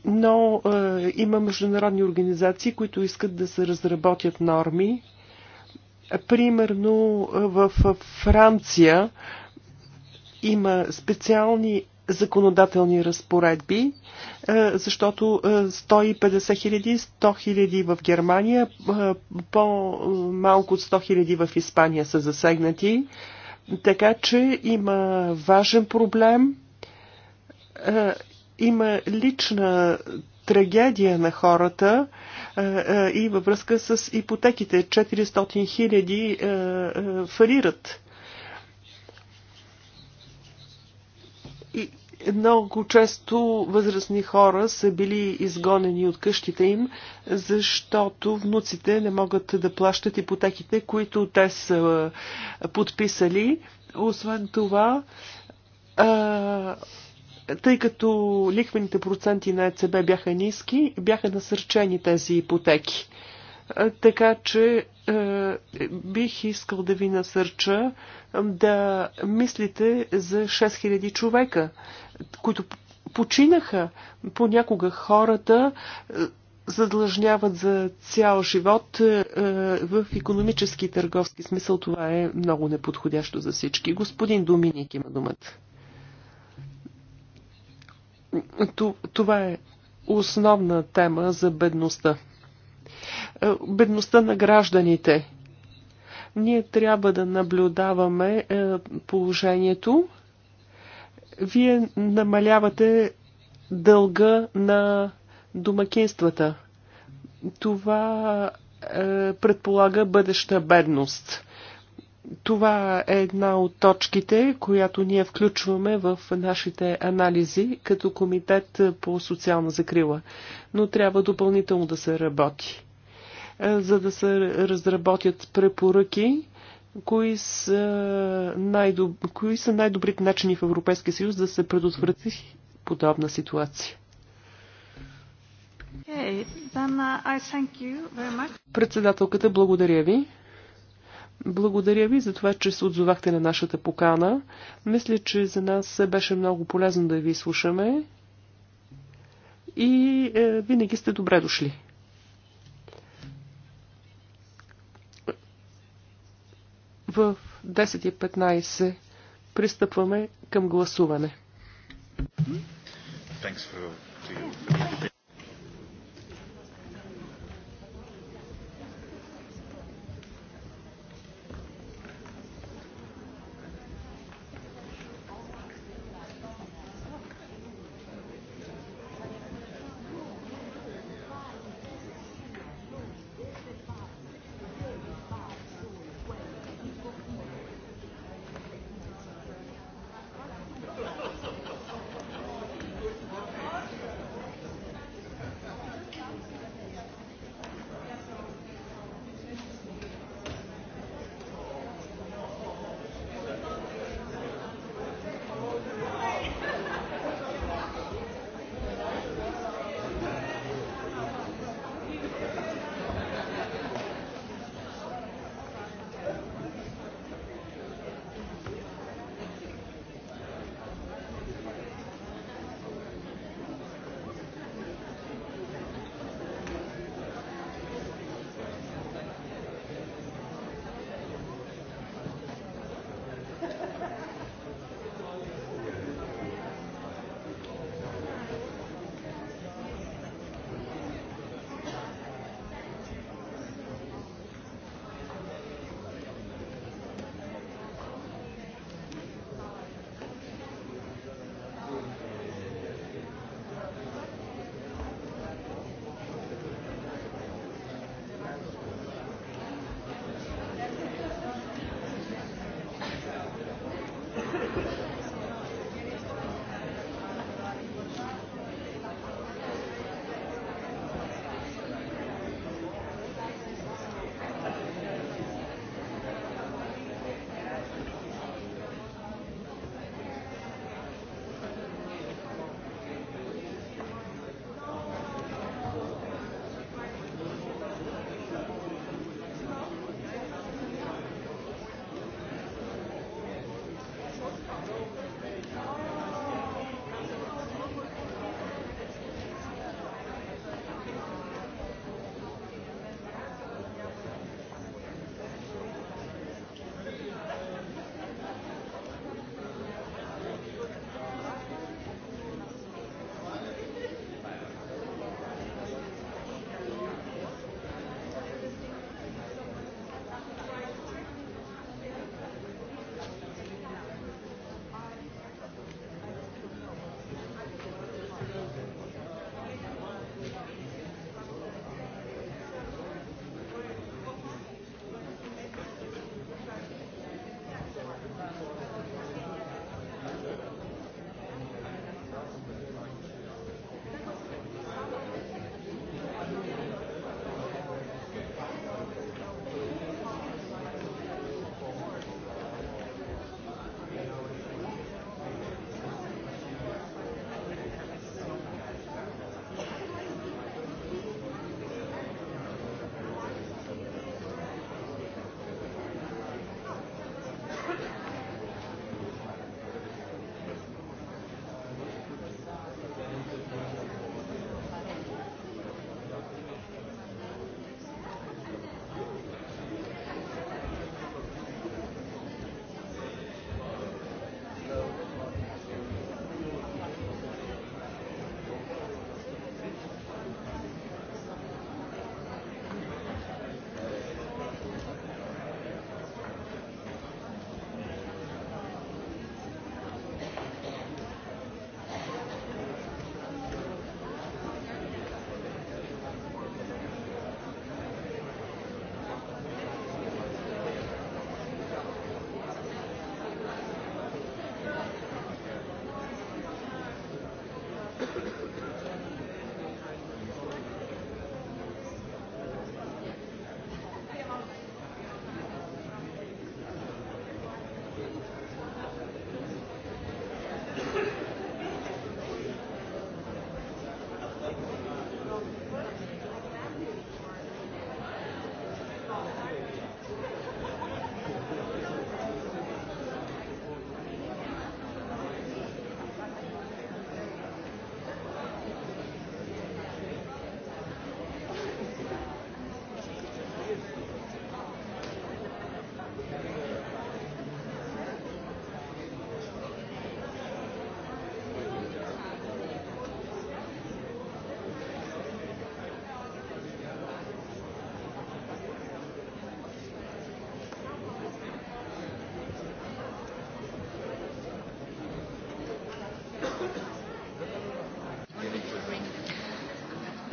но е, има международни организации, които искат да се разработят норми. Примерно в Франция има специални законодателни разпоредби, е, защото 150 е, хиляди, 100 хиляди в Германия, е, по-малко от 100 хиляди в Испания са засегнати. Така че има важен проблем има лична трагедия на хората е, е, и във връзка с ипотеките. 400 хиляди е, фалират. много често възрастни хора са били изгонени от къщите им, защото внуците не могат да плащат ипотеките, които те са подписали. Освен това, тъй като лихвените проценти на ЕЦБ бяха ниски, бяха насърчени тези ипотеки. Така че е, бих искал да ви насърча да мислите за 6000 човека, които починаха. Понякога хората задлъжняват за цял живот е, в економически и търговски смисъл. Това е много неподходящо за всички. Господин Доминик има думата. Това е основна тема за бедността. Е, бедността на гражданите. Ние трябва да наблюдаваме е, положението. Вие намалявате дълга на домакинствата. Това е, предполага бъдеща бедност. Това е една от точките, която ние включваме в нашите анализи като комитет по социална закрила, но трябва допълнително да се работи, е, за да се разработят препоръки, кои са, най-доб... кои са най-добрите начини в Европейския съюз да се предотврати подобна ситуация. Okay, uh, Председателката, благодаря ви. Благодаря ви за това, че се отзовахте на нашата покана. Мисля, че за нас беше много полезно да ви слушаме и е, винаги сте добре дошли. В 10.15 пристъпваме към гласуване. Thanks for,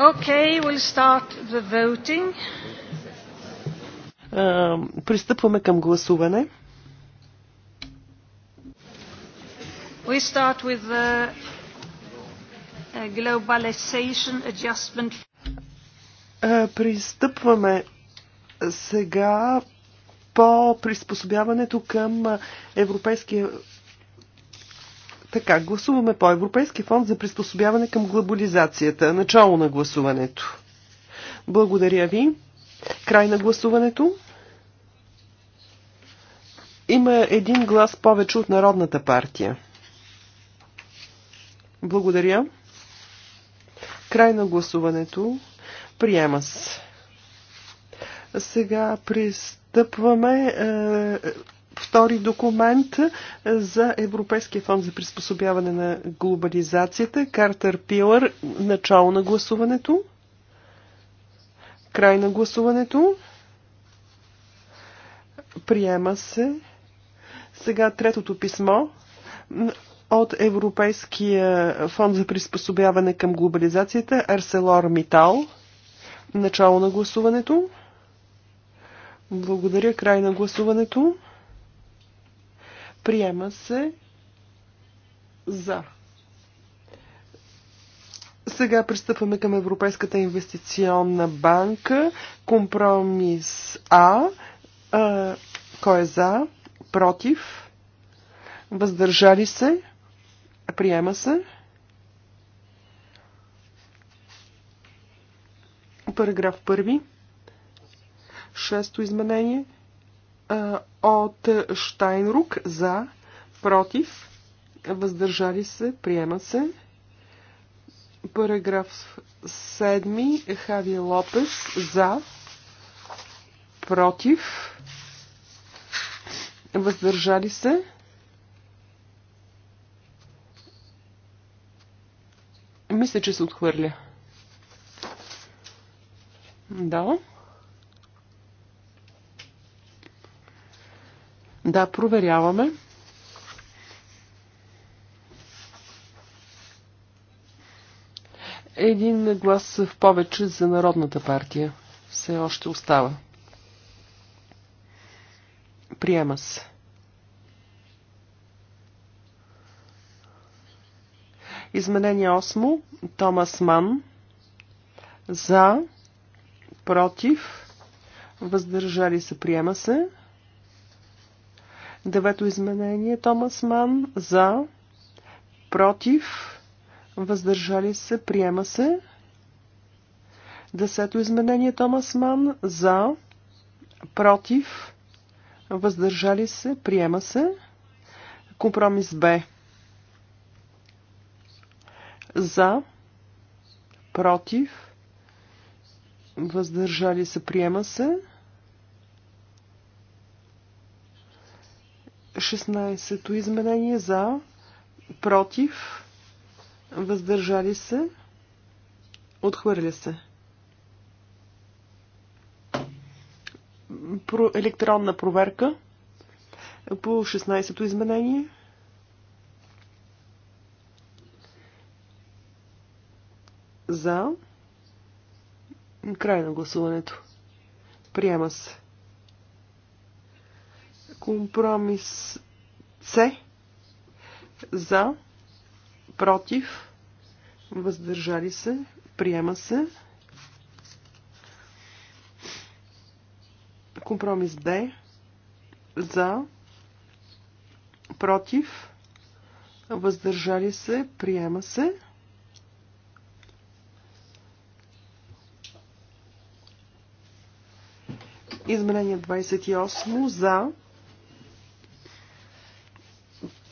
Okay, we'll start the voting. Uh, пристъпваме към гласуване. We start with the uh, globalization adjustment. Uh, пристъпваме сега по приспособяването към Европейския така, гласуваме по Европейски фонд за приспособяване към глобализацията. Начало на гласуването. Благодаря ви. Край на гласуването. Има един глас повече от Народната партия. Благодаря. Край на гласуването. Приема се. Сега пристъпваме. Е, втори документ за Европейския фонд за приспособяване на глобализацията. Картер Пилър. Начало на гласуването. Край на гласуването. Приема се. Сега третото писмо от Европейския фонд за приспособяване към глобализацията Арселор Митал. Начало на гласуването. Благодаря. Край на гласуването. Приема се за. Сега пристъпваме към Европейската инвестиционна банка. Компромис А. а кой е за? Против? Въздържали се? Приема се. Параграф първи. Шесто изменение от Штайнрук за, против, въздържали се, приема се. Параграф 7, Хави Лопес за, против, въздържали се. Мисля, че се отхвърля. Да. Да, проверяваме. Един глас в повече за Народната партия все още остава. Приема се. Изменение 8. Томас Ман. За. Против. Въздържали се. Приема се. Девето изменение Томас Ман за, против, въздържали се, приема се. Десето изменение Томас Ман за, против, въздържали се, приема се. Компромис Б. За, против, въздържали се, приема се. 16-то изменение за, против, въздържали се, отхвърля се. Про, електронна проверка по 16-то изменение. За. Край на гласуването. Приема се. Компромис С за, против, въздържали се, приема се. Компромис Д за, против, въздържали се, приема се. Изменение 28 за,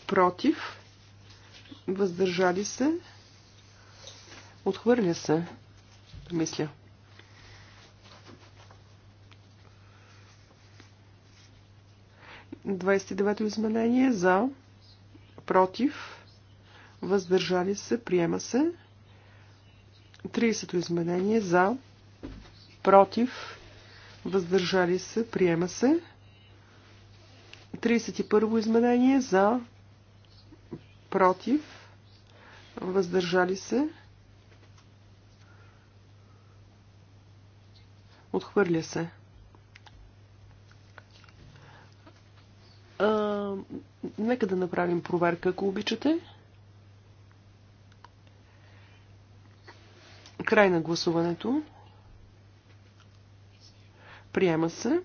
против, въздържали се, отхвърля се, мисля. Двадесет девето изменение за, против, въздържали се, приема се. 30 изменение за, против, въздържали се, приема се. 31-во изменение за, против, въздържали се, отхвърля се. А, нека да направим проверка, ако обичате. Край на гласуването. Приема се.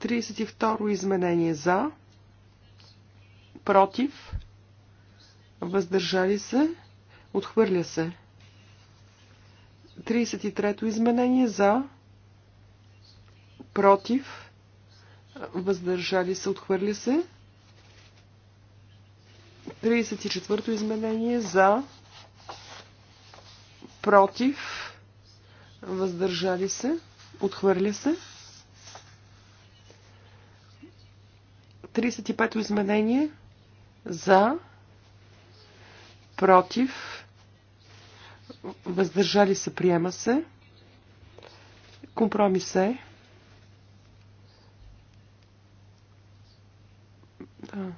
32 изменение за против, въздържали се, отхвърля се. 33-то изменение за, против, въздържали се, отхвърля се. 34-то изменение за, против, въздържали се, отхвърля се. 35-то изменение за, за, против, въздържали се, приема се, компромис е, да.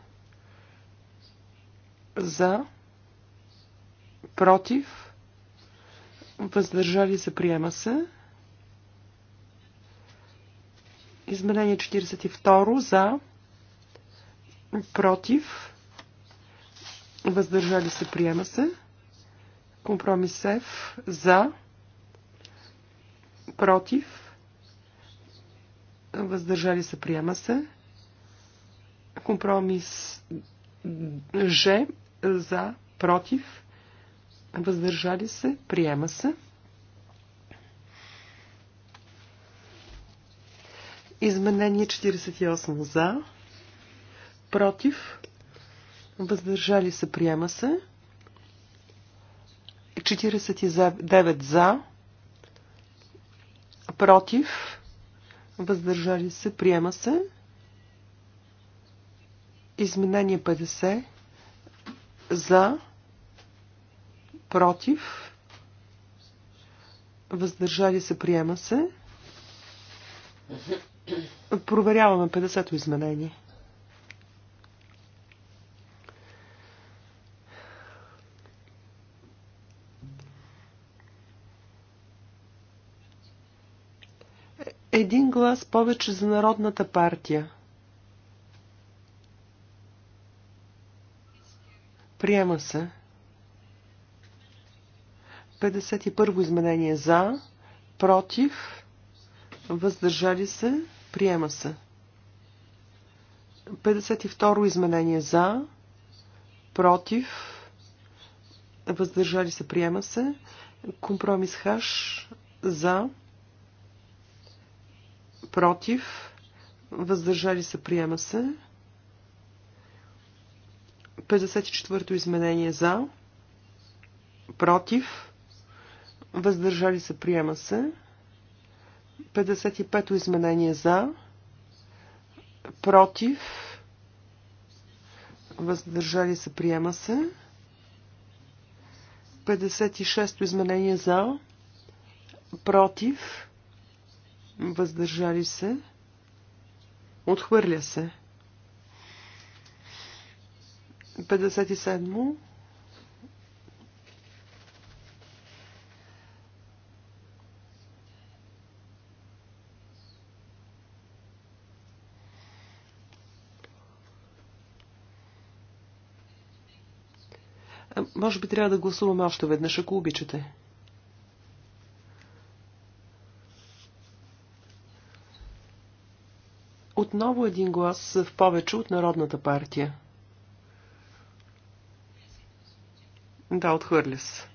за, против, въздържали се, приема се, изменение 42 за, против, въздържали се, приема се. Компромис F за, против, въздържали се, приема се. Компромис Ж за, против, въздържали се, приема се. Изменение 48 за, против, въздържали се, приема се. 49 за, против, въздържали се, приема се. Изменение 50 за, против, въздържали се, приема се. Проверяваме 50-то изменение. един глас повече за Народната партия. Приема се. 51 изменение за, против, въздържали се, приема се. 52 изменение за, против, въздържали се, приема се. Компромис хаш за, против, въздържали се, приема се. 54-то изменение за, против, въздържали се, приема се. 55-то изменение за, против, въздържали се, приема се. 56-то изменение за, против, въздържали се, отхвърля се. 57. Може би трябва да гласуваме още веднъж, ако обичате. Отново един глас в повече от Народната партия. Да, отхвърля се.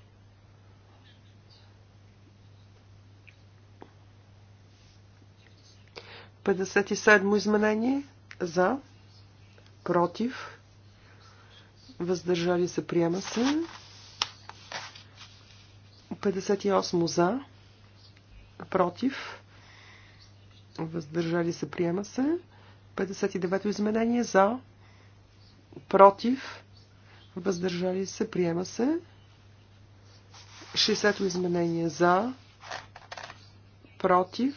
Петдесет и седмо изменение. За. Против. Въздържали се. Приема се. 58 за. Против въздържали се, приема се. 59-то изменение за, против, въздържали се, приема се. 60-то изменение за, против,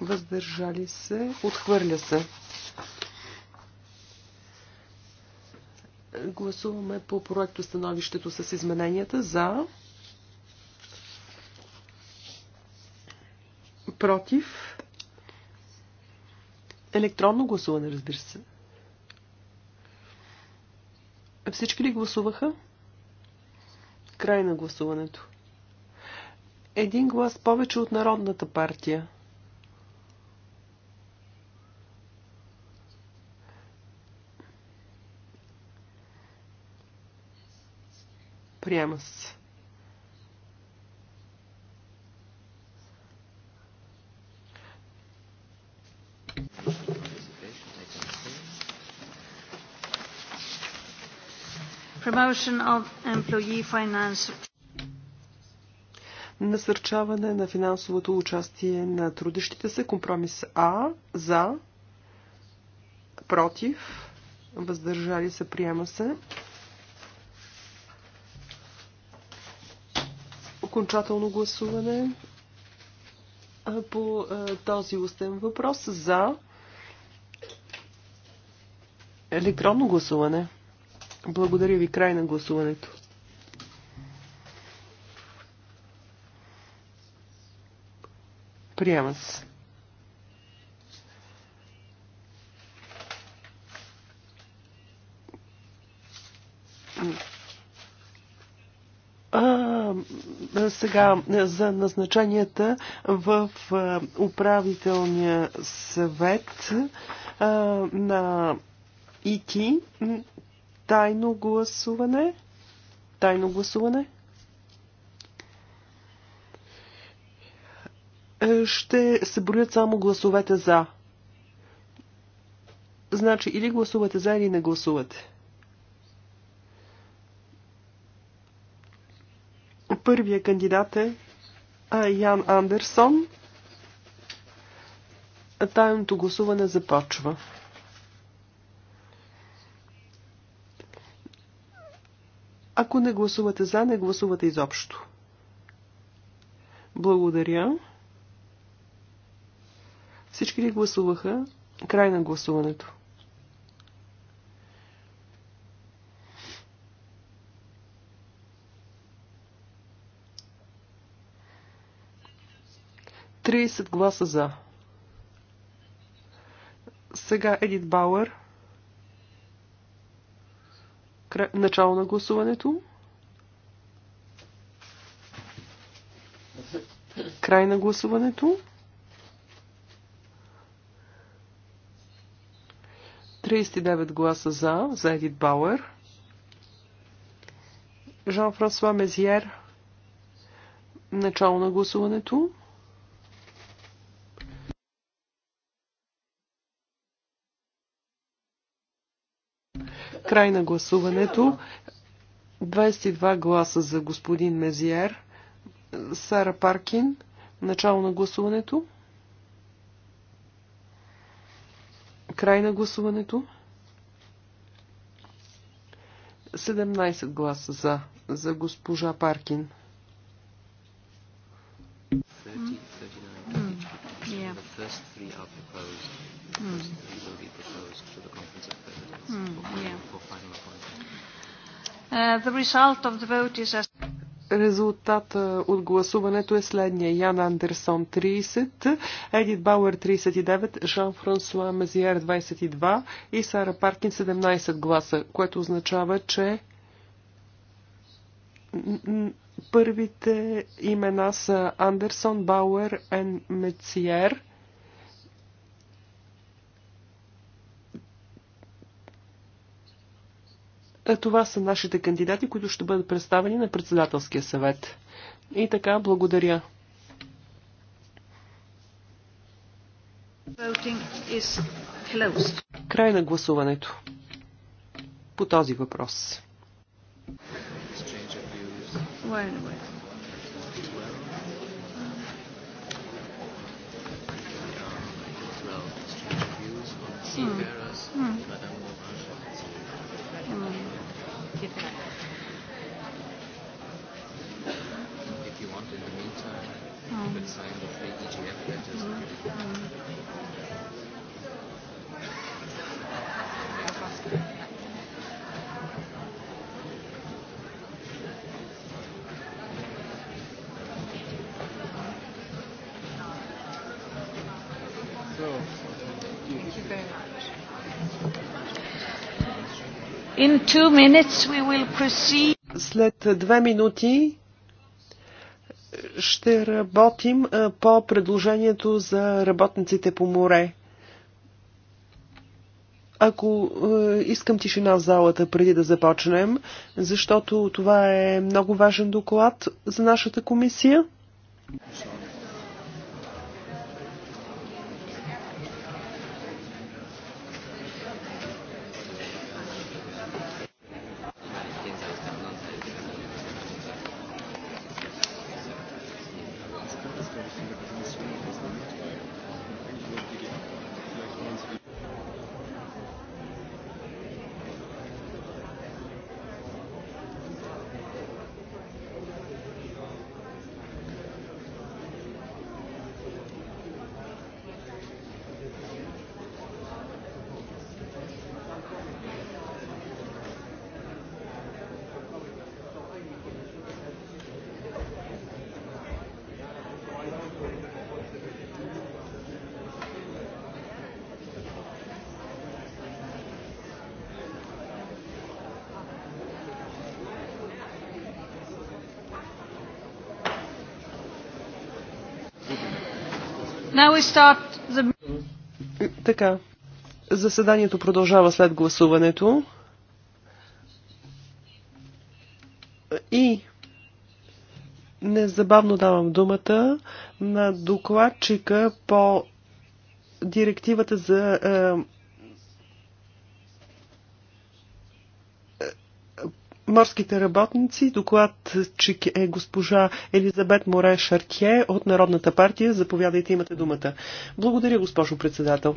въздържали се, отхвърля се. Гласуваме по проекто становището с измененията за, Против. Електронно гласуване, разбира се. Всички ли гласуваха? Край на гласуването. Един глас повече от Народната партия. Приема се. Promotion of employee finance. Насърчаване на финансовото участие на трудещите се. Компромис А. За. Против. Въздържали се. Приема се. Окончателно гласуване по този устен въпрос. За. Електронно гласуване. Благодаря ви. Край на гласуването. Приема се. А, сега за назначенията в управителния съвет а, на ИТИ. Тайно гласуване. Тайно гласуване. Е, ще се броят само гласовете за. Значи или гласувате за, или не гласувате. Първия кандидат е Ян Андерсон. Тайното гласуване започва. Ако не гласувате за, не гласувате изобщо. Благодаря. Всички ли гласуваха? Край на гласуването. Тридесет гласа за. Сега Едит Бауер. Начало на гласуването. Край на гласуването. 39 гласа за, за Едит Бауер. Жан-Франсуа Мезиер. Начало на гласуването. Край на гласуването. 22 гласа за господин Мезиер. Сара Паркин. Начало на гласуването. Край на гласуването. 17 гласа за, за госпожа Паркин. Mm. Mm. mm, yeah. Uh, the result of the vote is as... Резултата от гласуването е следния. Ян Андерсон 30, Едит Бауер 39, Жан-Франсуа Мезиер 22 и Сара Паркин 17 гласа, което означава, че първите имена са Андерсон, Бауер и Мециер – Е, това са нашите кандидати, които ще бъдат представени на председателския съвет. И така, благодаря. Край на гласуването по този въпрос. Mm. Mm. If you want, in the meantime, you can sign the free EGF letters. След две минути ще работим по предложението за работниците по море. Ако искам тишина в залата преди да започнем, защото това е много важен доклад за нашата комисия. The... Така. Заседанието продължава след гласуването. И незабавно давам думата на докладчика по директивата за е, морските работници. Докладчик е госпожа Елизабет Море Шаркие от Народната партия. Заповядайте, имате думата. Благодаря, госпожо председател.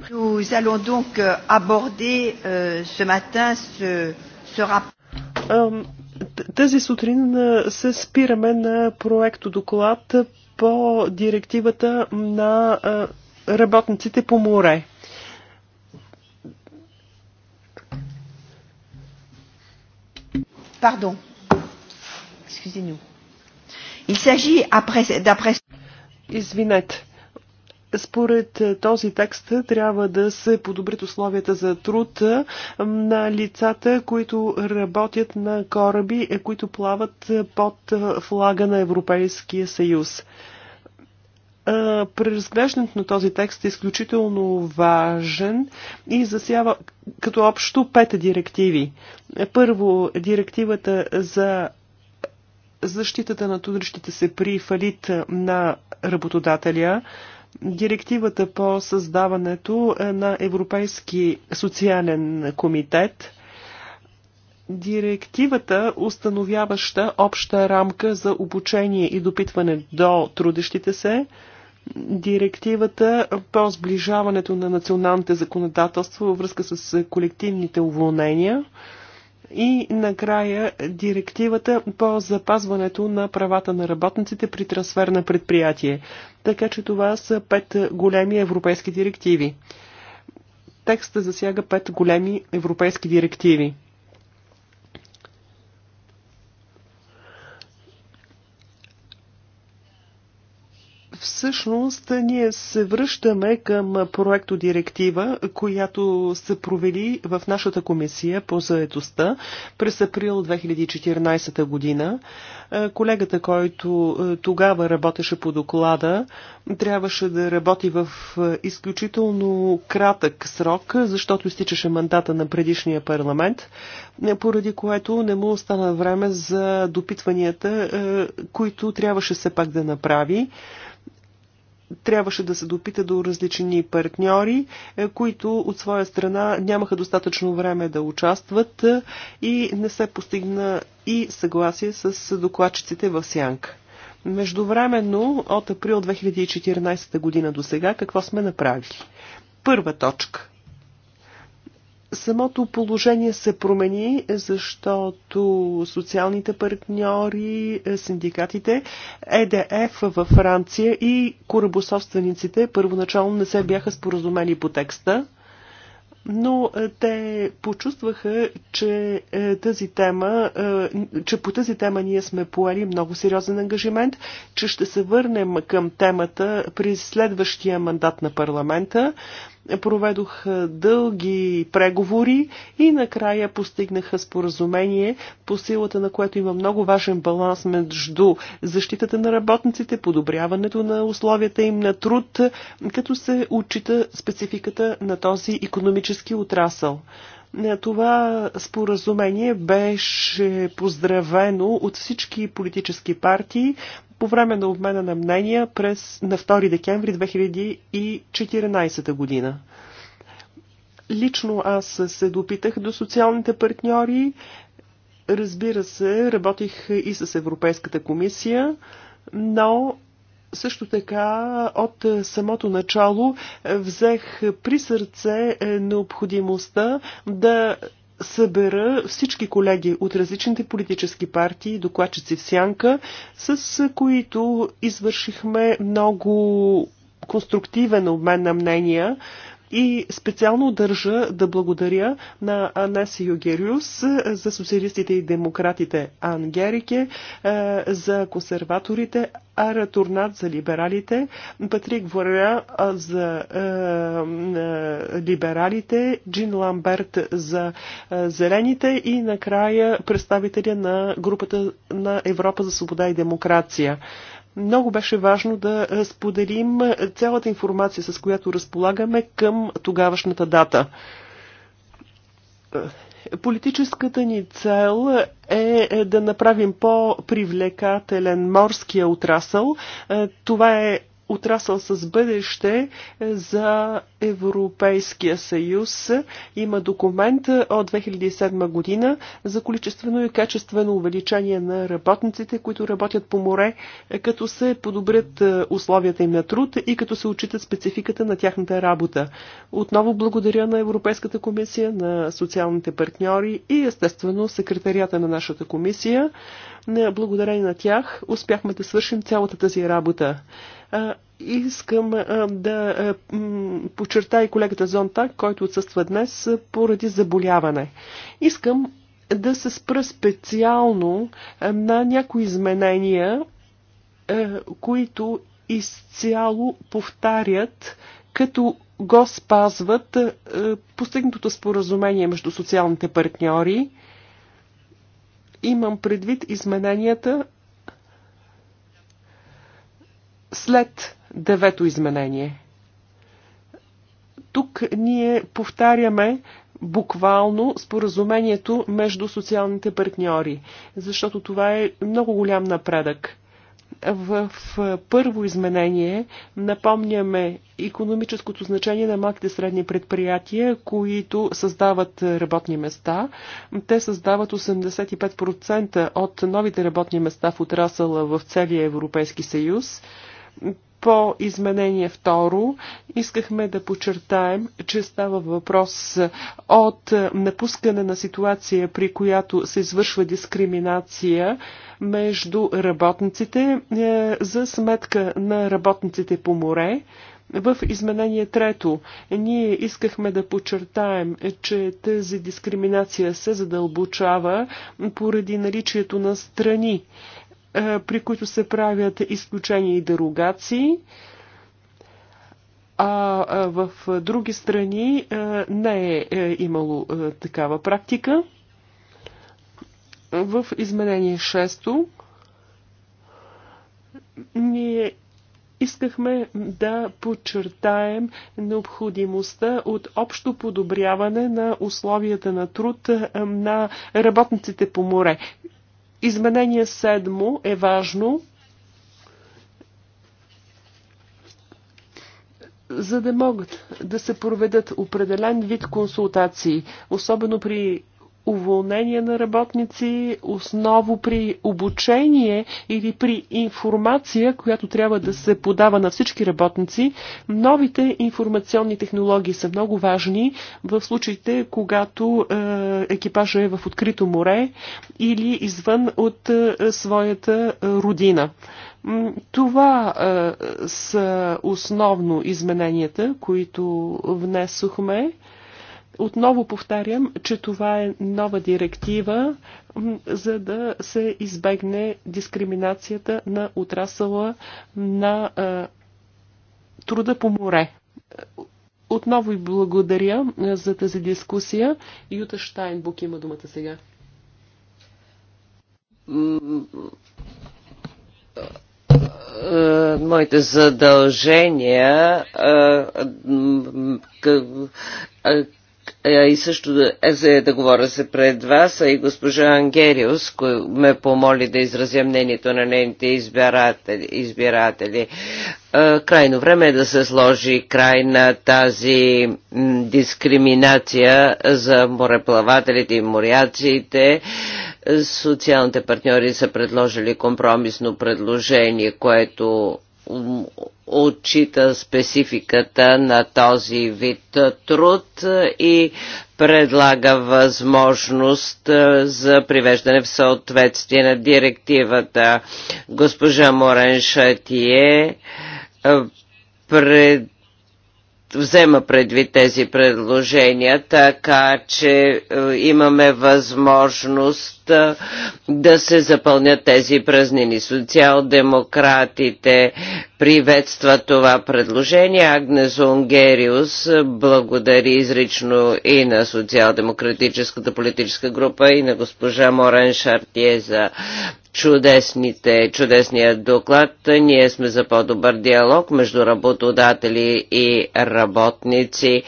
Euh, euh, тази сутрин се спираме на проекто доклад по директивата на работниците по море. Pardon. Excusez-nous. Il s'agit d'après. Извинете. Според е, този текст трябва да се подобрят условията за труд е, на лицата, които работят на кораби, е, които плават под флага на Европейския съюз разглеждането на този текст е изключително важен и засява като общо пет директиви. Първо, директивата за защитата на трудещите се при фалит на работодателя, директивата по създаването на Европейски социален комитет, директивата, установяваща обща рамка за обучение и допитване до трудещите се, директивата по сближаването на националните законодателства във връзка с колективните уволнения и накрая директивата по запазването на правата на работниците при трансфер на предприятие. Така че това са пет големи европейски директиви. текстът засяга пет големи европейски директиви. Всъщност ние се връщаме към проекто директива, която се провели в нашата комисия по заедостта през април 2014 година. Е, колегата, който е, тогава работеше по доклада, трябваше да работи в е, изключително кратък срок, защото изтичаше мандата на предишния парламент, поради което не му остана време за допитванията, които трябваше все пак да направи трябваше да се допита до различни партньори, е, които от своя страна нямаха достатъчно време да участват е, и не се постигна и съгласие с докладчиците в Сянка. Междувременно, от април 2014 година до сега, какво сме направили? Първа точка. Самото положение се промени, защото социалните партньори, е, синдикатите, ЕДФ във Франция и корабособствениците първоначално не се бяха споразумели по текста, но е, те почувстваха, че, е, тази тема, че по тази тема ние сме поели много сериозен ангажимент, че ще се върнем към темата при следващия мандат на парламента проведох дълги преговори и накрая постигнаха споразумение, по силата на което има много важен баланс между защитата на работниците, подобряването на условията им на труд, като се отчита спецификата на този економически отрасъл. Това споразумение беше поздравено от всички политически партии по време на обмена на мнения през, на 2 декември 2014 година. Лично аз се допитах до социалните партньори. Разбира се, работих и с Европейската комисия, но също така от самото начало взех при сърце необходимостта да събера всички колеги от различните политически партии, докладчици в сянка, с които извършихме много конструктивен обмен на мнения и специално държа да благодаря на Анес Югериус за социалистите и демократите Ангерике, за консерваторите Ара Турнат за либералите, Патрик Воря за е, е, либералите, Джин Ламберт за е, зелените и накрая представителя на групата на Европа за свобода и демокрация. Много беше важно да споделим цялата информация, с която разполагаме към тогавашната дата. Политическата ни цел е да направим по-привлекателен морския отрасъл. Е, това е отрасъл с бъдеще е, за Европейския съюз. Има документ от 2007 година за количествено и качествено увеличение на работниците, които работят по море, е, като се подобрят е, условията им на труд и като се отчитат спецификата на тяхната работа. Отново благодаря на Европейската комисия, на социалните партньори и естествено секретарията на нашата комисия. Благодарение на тях успяхме да свършим цялата тази работа. Искам да почерта и колегата Зонта, който отсъства днес поради заболяване. Искам да се спра специално на някои изменения, които изцяло повтарят като го спазват постигнатото споразумение между социалните партньори, Имам предвид измененията след девето изменение. Тук ние повтаряме буквално споразумението между социалните партньори, защото това е много голям напредък в първо изменение напомняме економическото значение на малките средни предприятия, които създават работни места. Те създават 85% от новите работни места в отрасъла в целия Европейски съюз. По изменение второ искахме да подчертаем, че става въпрос от напускане на ситуация, при която се извършва дискриминация между работниците е, за сметка на работниците по море, в изменение трето ние искахме да подчертаем, че тази дискриминация се задълбочава поради наличието на страни, е, при които се правят изключения и дерогации, а в други страни е, не е, е имало такава практика. В изменение 6 ние искахме да подчертаем необходимостта от общо подобряване на условията на труд на работниците по море. Изменение седмо е важно, за да могат да се проведат определен вид консултации, особено при уволнение на работници, осново при обучение или при информация, която трябва да се подава на всички работници. Новите информационни технологии са много важни в случаите, когато е, екипажа е в открито море или извън от е, своята е, родина. Това е, са основно измененията, които внесохме. Отново повтарям, че това е нова директива, за да се избегне дискриминацията на отрасъла на а, труда по море. Отново и благодаря за тази дискусия. Юта Штайнбук има думата сега. Моите задължения е, и също за е, да говоря се пред вас, а и госпожа Ангериус, кой ме помоли да изразя мнението на нейните избиратели. избиратели. Е, крайно време е да се сложи край на тази дискриминация за мореплавателите и моряците. Социалните партньори са предложили компромисно предложение, което отчита спецификата на този вид труд и предлага възможност за привеждане в съответствие на директивата. Госпожа Морен Шатие пред взема предвид тези предложения, така че имаме възможност да се запълнят тези празнини. Социал-демократите приветства това предложение. Агнес Унгериус благодари изрично и на социал-демократическата политическа група и на госпожа Морен Шартие за чудесните, чудесния доклад. Ние сме за по-добър диалог между работодатели и работници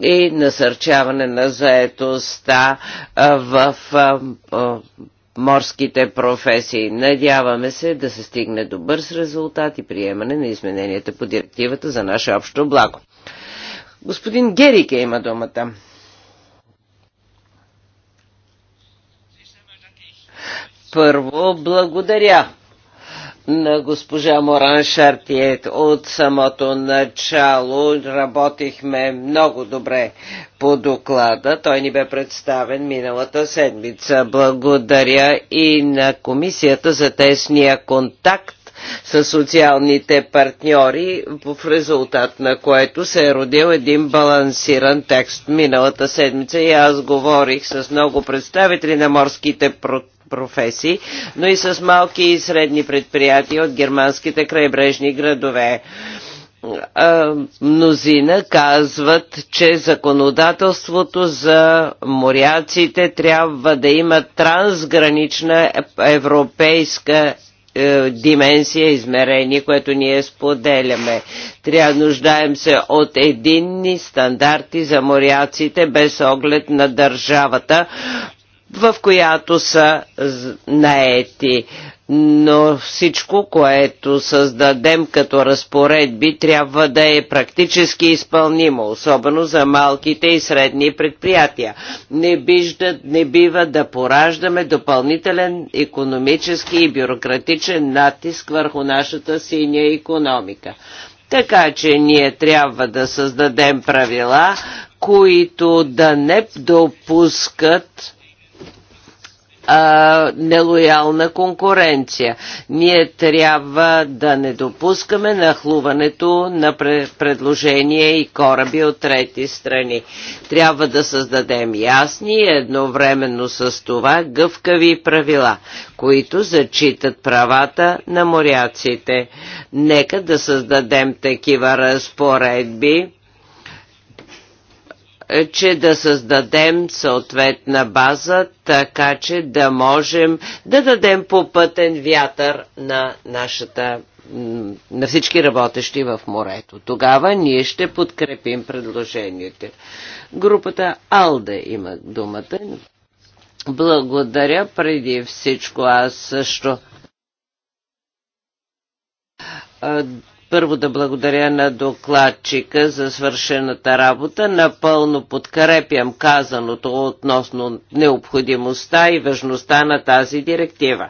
и насърчаване на заетостта в морските професии. Надяваме се да се стигне до бърз резултат и приемане на измененията по директивата за наше общо благо. Господин Герике има думата. Първо, благодаря на госпожа Моран Шартие От самото начало работихме много добре по доклада. Той ни бе представен миналата седмица. Благодаря и на комисията за тесния контакт с социалните партньори, в резултат на което се е родил един балансиран текст. Миналата седмица и аз говорих с много представители на морските професии, но и с малки и средни предприятия от германските крайбрежни градове мнозина казват, че законодателството за моряците трябва да има трансгранична европейска е, дименсия, измерение, което ние споделяме. Трябва нуждаем се от единни стандарти за моряците без оглед на държавата, в която са наети. Но всичко, което създадем като разпоредби, трябва да е практически изпълнимо, особено за малките и средни предприятия. Не, бижда, не бива да пораждаме допълнителен економически и бюрократичен натиск върху нашата синя економика. Така че ние трябва да създадем правила, които да не допускат а, нелоялна конкуренция. Ние трябва да не допускаме нахлуването на предложения и кораби от трети страни. Трябва да създадем ясни и едновременно с това гъвкави правила, които зачитат правата на моряците. Нека да създадем такива разпоредби, че да създадем съответна база, така че да можем да дадем попътен вятър на нашата на всички работещи в морето. Тогава ние ще подкрепим предложението. Групата Алде има думата. Благодаря преди всичко аз също първо да благодаря на докладчика за свършената работа. Напълно подкрепям казаното относно необходимостта и важността на тази директива.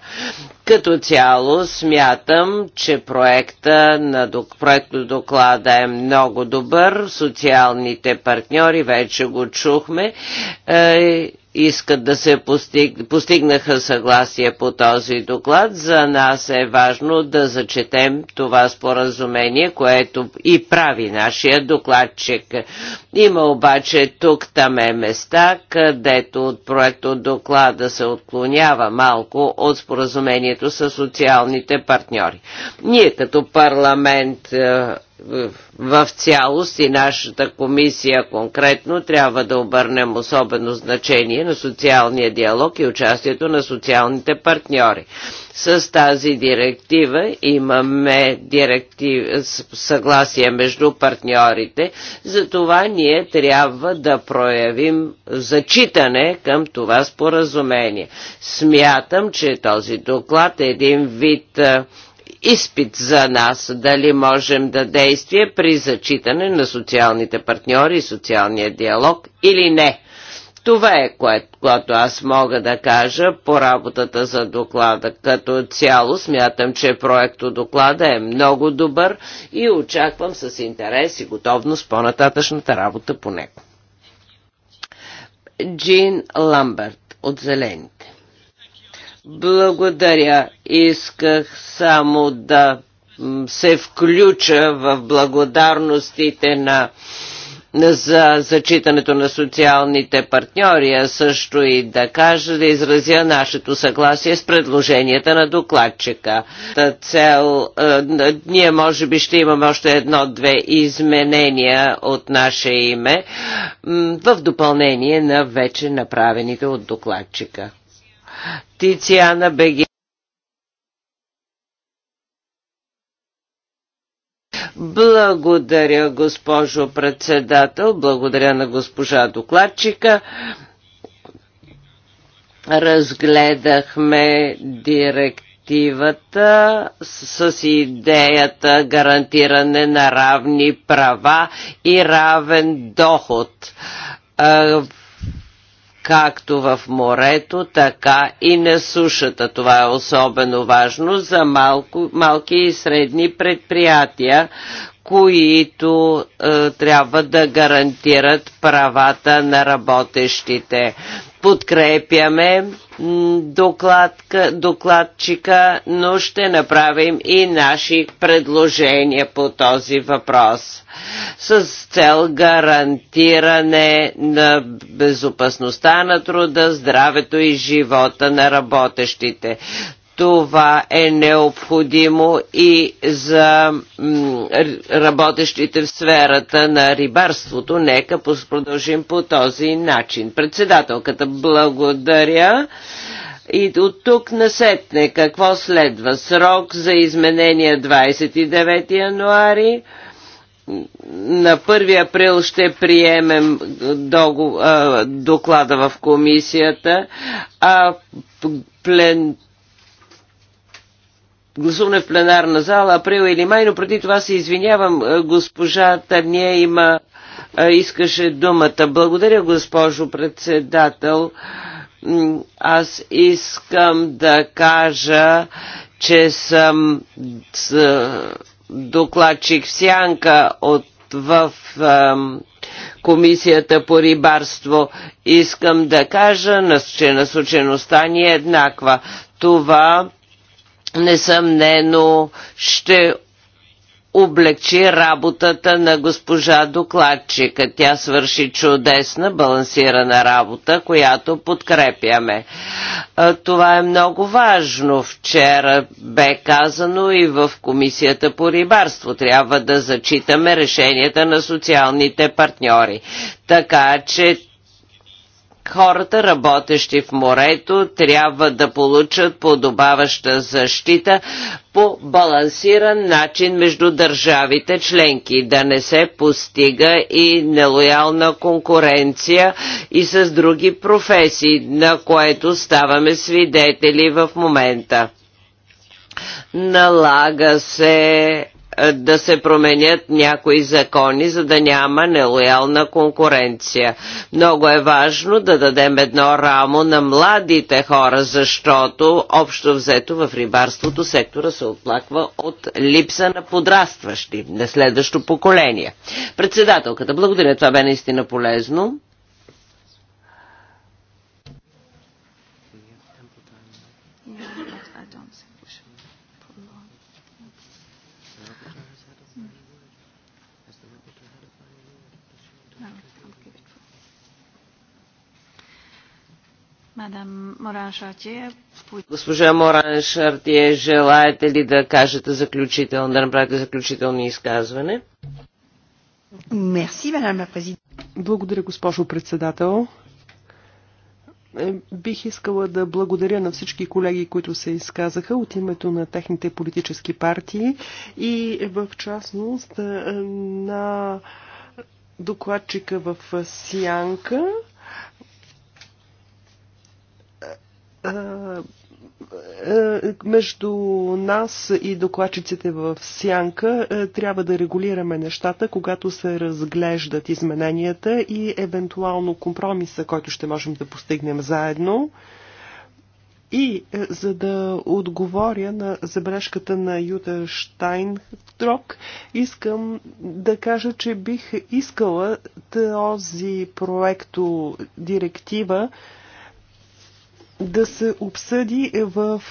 Като цяло смятам, че проекта на проекто доклада е много добър. Социалните партньори вече го чухме. Е, искат да се постиг... постигнаха съгласие по този доклад. За нас е важно да зачетем това споразумение, което и прави нашия докладчик. Има обаче тук там е места, където от проекто доклада се отклонява малко от споразумението взаимодействието с социалните партньори. Ние като парламент е, в цялост и нашата комисия конкретно трябва да обърнем особено значение на социалния диалог и участието на социалните партньори. С тази директива имаме директив, съгласие между партньорите, затова ние трябва да проявим зачитане към това споразумение. Смятам, че този доклад е един вид изпит за нас, дали можем да действие при зачитане на социалните партньори и социалния диалог или не. Това е което, което аз мога да кажа по работата за доклада. Като цяло смятам, че проекто доклада е много добър и очаквам с интерес и готовност по-нататъчната работа по него. Джин Ламберт от Зелените. Благодаря. Исках само да се включа в благодарностите на за зачитането на социалните партньори, а също и да кажа да изразя нашето съгласие с предложенията на докладчика. Та цел, е, ние може би ще имаме още едно-две изменения от наше име в допълнение на вече направените от докладчика. Тициана Беги. Благодаря, госпожо председател. Благодаря на госпожа докладчика. Разгледахме директивата с идеята гарантиране на равни права и равен доход както в морето, така и на сушата. Това е особено важно за малко, малки и средни предприятия, които е, трябва да гарантират правата на работещите. Подкрепяме докладка, докладчика, но ще направим и наши предложения по този въпрос с цел гарантиране на безопасността на труда, здравето и живота на работещите. Това е необходимо и за работещите в сферата на рибарството. Нека продължим по този начин. Председателката, благодаря. И от тук насетне какво следва? Срок за изменение 29 януари на 1 април ще приемем доклада в комисията, а плен, гласуване в пленарна зала април или май, но преди това се извинявам, е, госпожа Тарния има, е, искаше думата. Благодаря, госпожо председател. Аз искам да кажа, че съм е, докладчик в сянка от в ам, Комисията по рибарство. Искам да кажа, че насочеността ни е еднаква. Това несъмнено ще облегчи работата на госпожа докладчика. Тя свърши чудесна, балансирана работа, която подкрепяме. Това е много важно. Вчера бе казано и в Комисията по рибарство. Трябва да зачитаме решенията на социалните партньори. Така че хората, работещи в морето, трябва да получат подобаваща защита по балансиран начин между държавите членки, да не се постига и нелоялна конкуренция и с други професии, на което ставаме свидетели в момента. Налага се е, да се променят някои закони, за да няма нелоялна конкуренция. Много е важно да дадем едно рамо на младите хора, защото общо взето в рибарството сектора се оплаква от липса на подрастващи на следващо поколение. Председателката, благодаря, това бе наистина полезно. Госпожа Моран Шартие, желаете ли да кажете заключително, да направите заключително изказване? Благодаря, госпожо председател. Е, бих искала да благодаря на всички колеги, които се изказаха от името на техните политически партии и в частност е, на докладчика в Сянка Е, е, между нас и докладчиците в Сянка е, трябва да регулираме нещата, когато се разглеждат измененията и евентуално компромиса, който ще можем да постигнем заедно. И за да отговоря на забележката на Юта Штайнтрок, искам да кажа, че бих искала този проекто директива да се обсъди в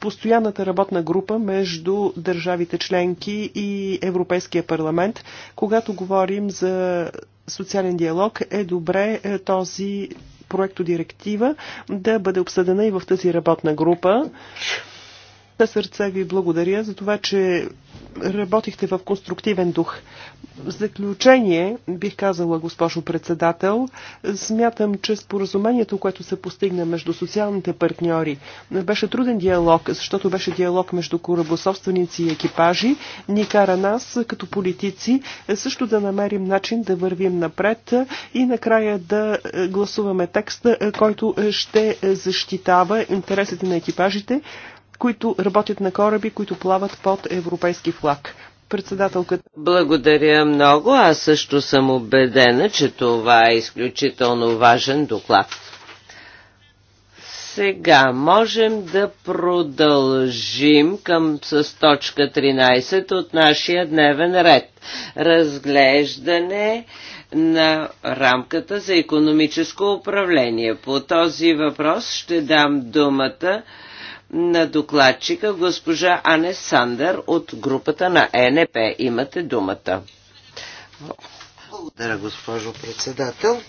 постоянната работна група между държавите членки и Европейския парламент. Когато говорим за социален диалог, е добре този директива да бъде обсъдена и в тази работна група. На сърце ви благодаря за това, че работихте в конструктивен дух. В заключение, бих казала, госпожо председател, смятам, че споразумението, което се постигна между социалните партньори, беше труден диалог, защото беше диалог между корабособственици и екипажи, ни кара нас, като политици, също да намерим начин да вървим напред и накрая да гласуваме текста, който ще защитава интересите на екипажите, които работят на кораби, които плават под европейски флаг председателката. Благодаря много. Аз също съм убедена, че това е изключително важен доклад. Сега можем да продължим към с точка 13 от нашия дневен ред. Разглеждане на рамката за економическо управление. По този въпрос ще дам думата на докладчика госпожа Ане Сандър от групата на ЕНП. Имате думата. Благодаря, госпожо председател.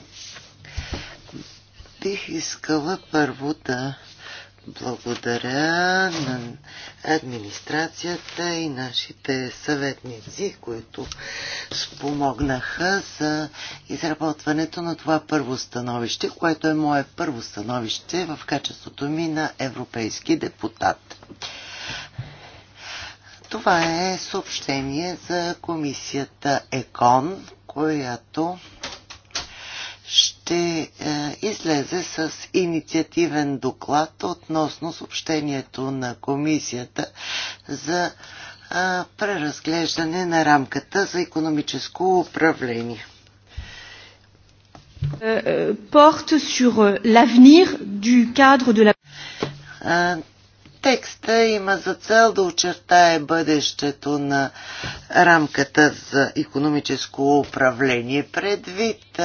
Бих искала първо да благодаря на администрацията и нашите съветници, които спомогнаха за изработването на това първо становище, което е мое първо становище в качеството ми на европейски депутат. Това е съобщение за комисията ЕКОН, която ще е, излезе с инициативен доклад относно съобщението на комисията за е, преразглеждане на рамката за економическо управление. Е, Порта sur l'avenir du cadre de la... Текста има за цел да очертае бъдещето на рамката за економическо управление предвид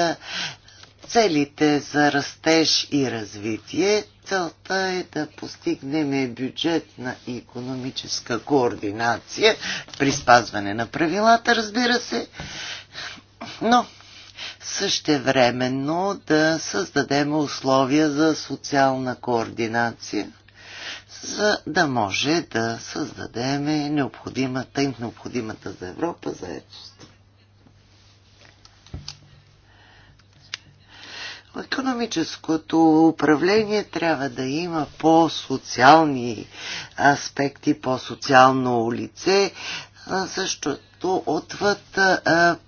целите за растеж и развитие. Целта е да постигнем бюджетна и економическа координация при спазване на правилата, разбира се, но същевременно да създадем условия за социална координация, за да може да създадем необходимата и необходимата за Европа заедност. Економическото управление трябва да има по-социални аспекти, по-социално лице, защото отвъд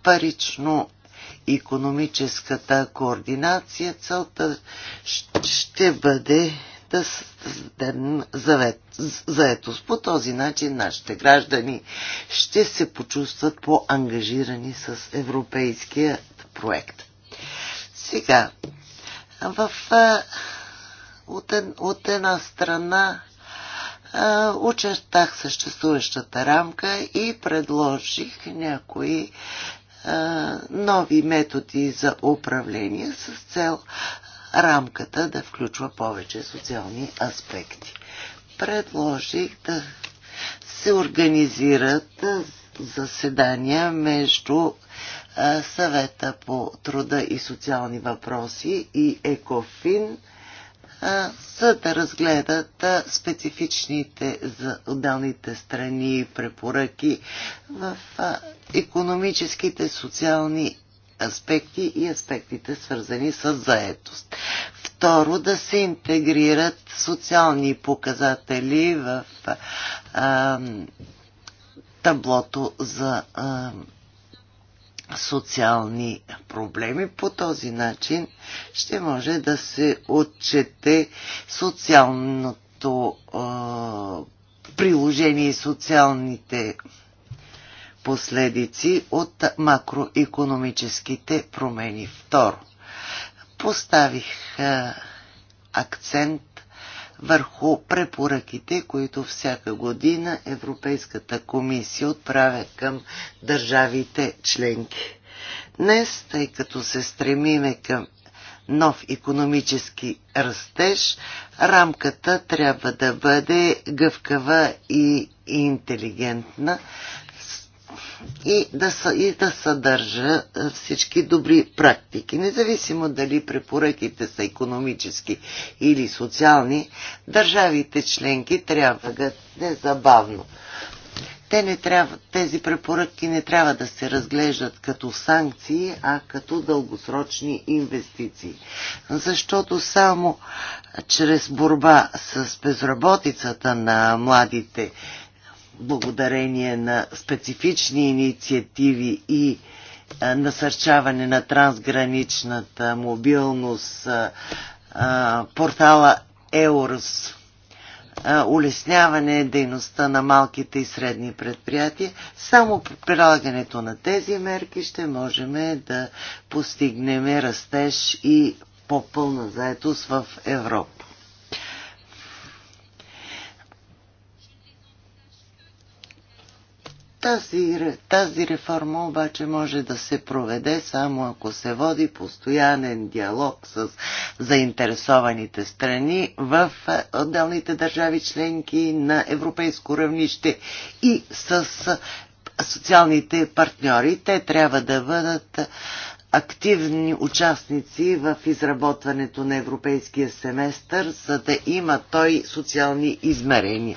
парично економическата координация целта ще бъде да създадем заетост. По този начин нашите граждани ще се почувстват по-ангажирани с европейския проект. Сега, в, от, от една страна учертах съществуващата рамка и предложих някои нови методи за управление с цел рамката да включва повече социални аспекти. Предложих да се организират заседания между съвета по труда и социални въпроси и ЕКОФИН, за да разгледат специфичните за отделните страни и препоръки в економическите, социални аспекти и аспектите свързани с заетост. Второ, да се интегрират социални показатели в а, таблото за а, социални проблеми. По този начин ще може да се отчете социалното а, приложение и социалните последици от макроекономическите промени. Второ, поставих а, акцент върху препоръките, които всяка година Европейската комисия отправя към държавите членки. Днес, тъй като се стремиме към нов економически растеж, рамката трябва да бъде гъвкава и интелигентна, и да, и да съдържа е, всички добри практики. Независимо дали препоръките са економически или социални, държавите членки трябва да незабавно. Те не трябва, тези препоръки не трябва да се разглеждат като санкции, а като дългосрочни инвестиции. Защото само чрез борба с безработицата на младите благодарение на специфични инициативи и насърчаване на трансграничната мобилност, портала Еурс, улесняване дейността на малките и средни предприятия. Само при прилагането на тези мерки ще можем да постигнем растеж и по-пълна заетост в Европа. Тази, тази реформа обаче може да се проведе само ако се води постоянен диалог с заинтересованите страни в е, отделните държави членки на европейско равнище и с е, социалните партньори. Те трябва да бъдат е, активни участници в изработването на европейския семестър, за да има той социални измерения.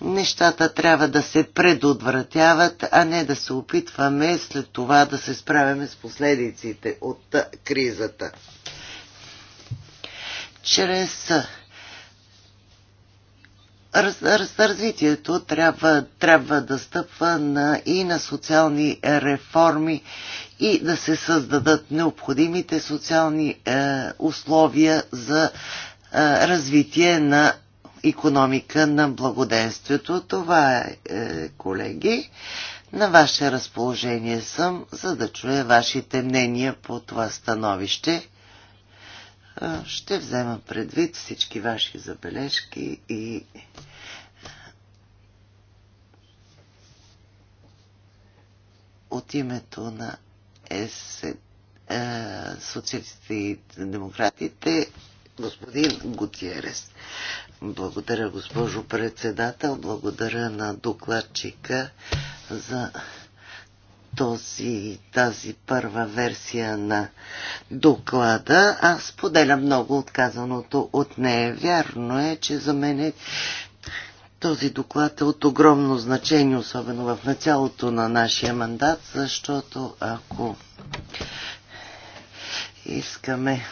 Нещата трябва да се предотвратяват, а не да се опитваме след това да се справяме с последиците от кризата. Чрез раз, раз, развитието трябва, трябва да стъпва на, и на социални реформи и да се създадат необходимите социални е, условия за е, развитие на економика на благоденствието. Това е, е, колеги. На ваше разположение съм, за да чуя вашите мнения по това становище. Ще взема предвид всички ваши забележки и от името на ЕС, е, социалистите и демократите господин Гутиерес. Благодаря, госпожо председател, благодаря на докладчика за този, тази първа версия на доклада. Аз поделям много отказаното от нея. Вярно е, че за мен е този доклад е от огромно значение, особено в началото на нашия мандат, защото ако искаме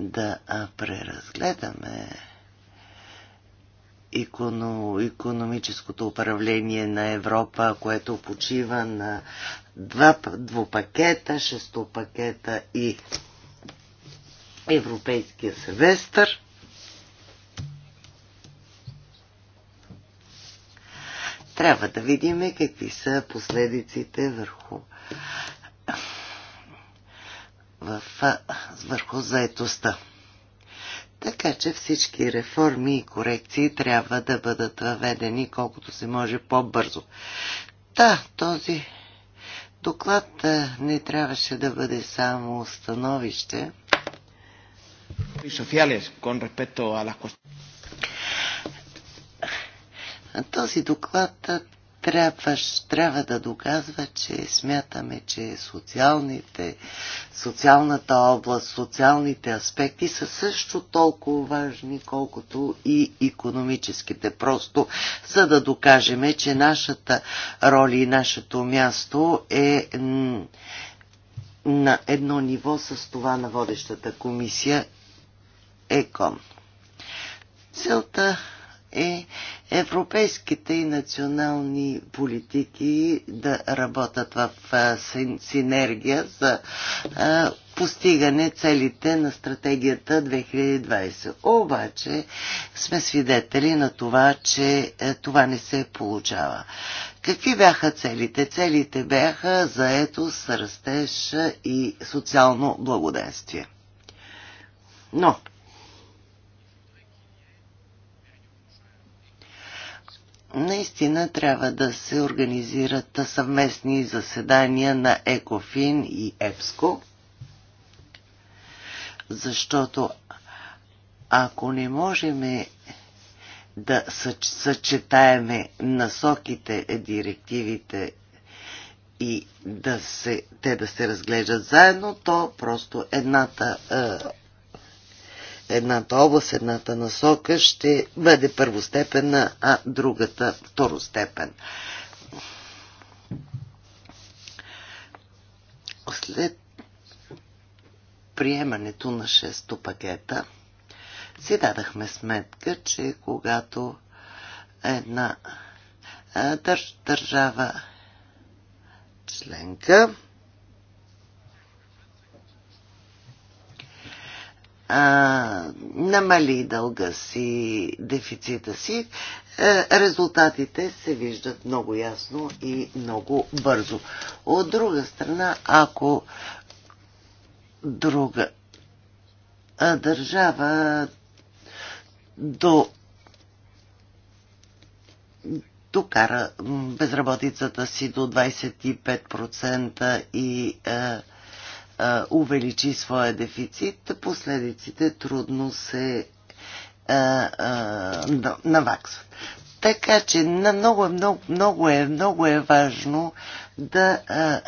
да преразгледаме економическото управление на Европа, което почива на два двупакета, шестопакета и Европейския семестър. Трябва да видим какви са последиците върху в, върху заетостта. Така че всички реформи и корекции трябва да бъдат въведени колкото се може по-бързо. Да, този доклад не трябваше да бъде само становище. Този доклад трябва, трябва да доказва, че смятаме, че социалните, социалната област, социалните аспекти са също толкова важни, колкото и економическите. Просто за да докажеме, че нашата роля и нашето място е на едно ниво с това на водещата комисия ЕКОМ. Целта е европейските и национални политики да работят в синергия за постигане целите на стратегията 2020. Обаче сме свидетели на това, че е, това не се получава. Какви бяха целите? Целите бяха с растеж и социално благоденствие. Но наистина трябва да се организират съвместни заседания на ЕКОФИН и ЕПСКО, защото ако не можем да съчетаеме насоките, директивите и да се, те да се разглеждат заедно, то просто едната е, едната област, едната насока ще бъде първостепенна, а другата второстепен. След приемането на шесто пакета си дадахме сметка, че когато една държава членка а, намали дълга си, дефицита си, а, резултатите се виждат много ясно и много бързо. От друга страна, ако друга а, държава до докара безработицата си до 25% и а, увеличи своя дефицит, последиците трудно се наваксват. Така че на много, е, много, много, е, много е важно да а,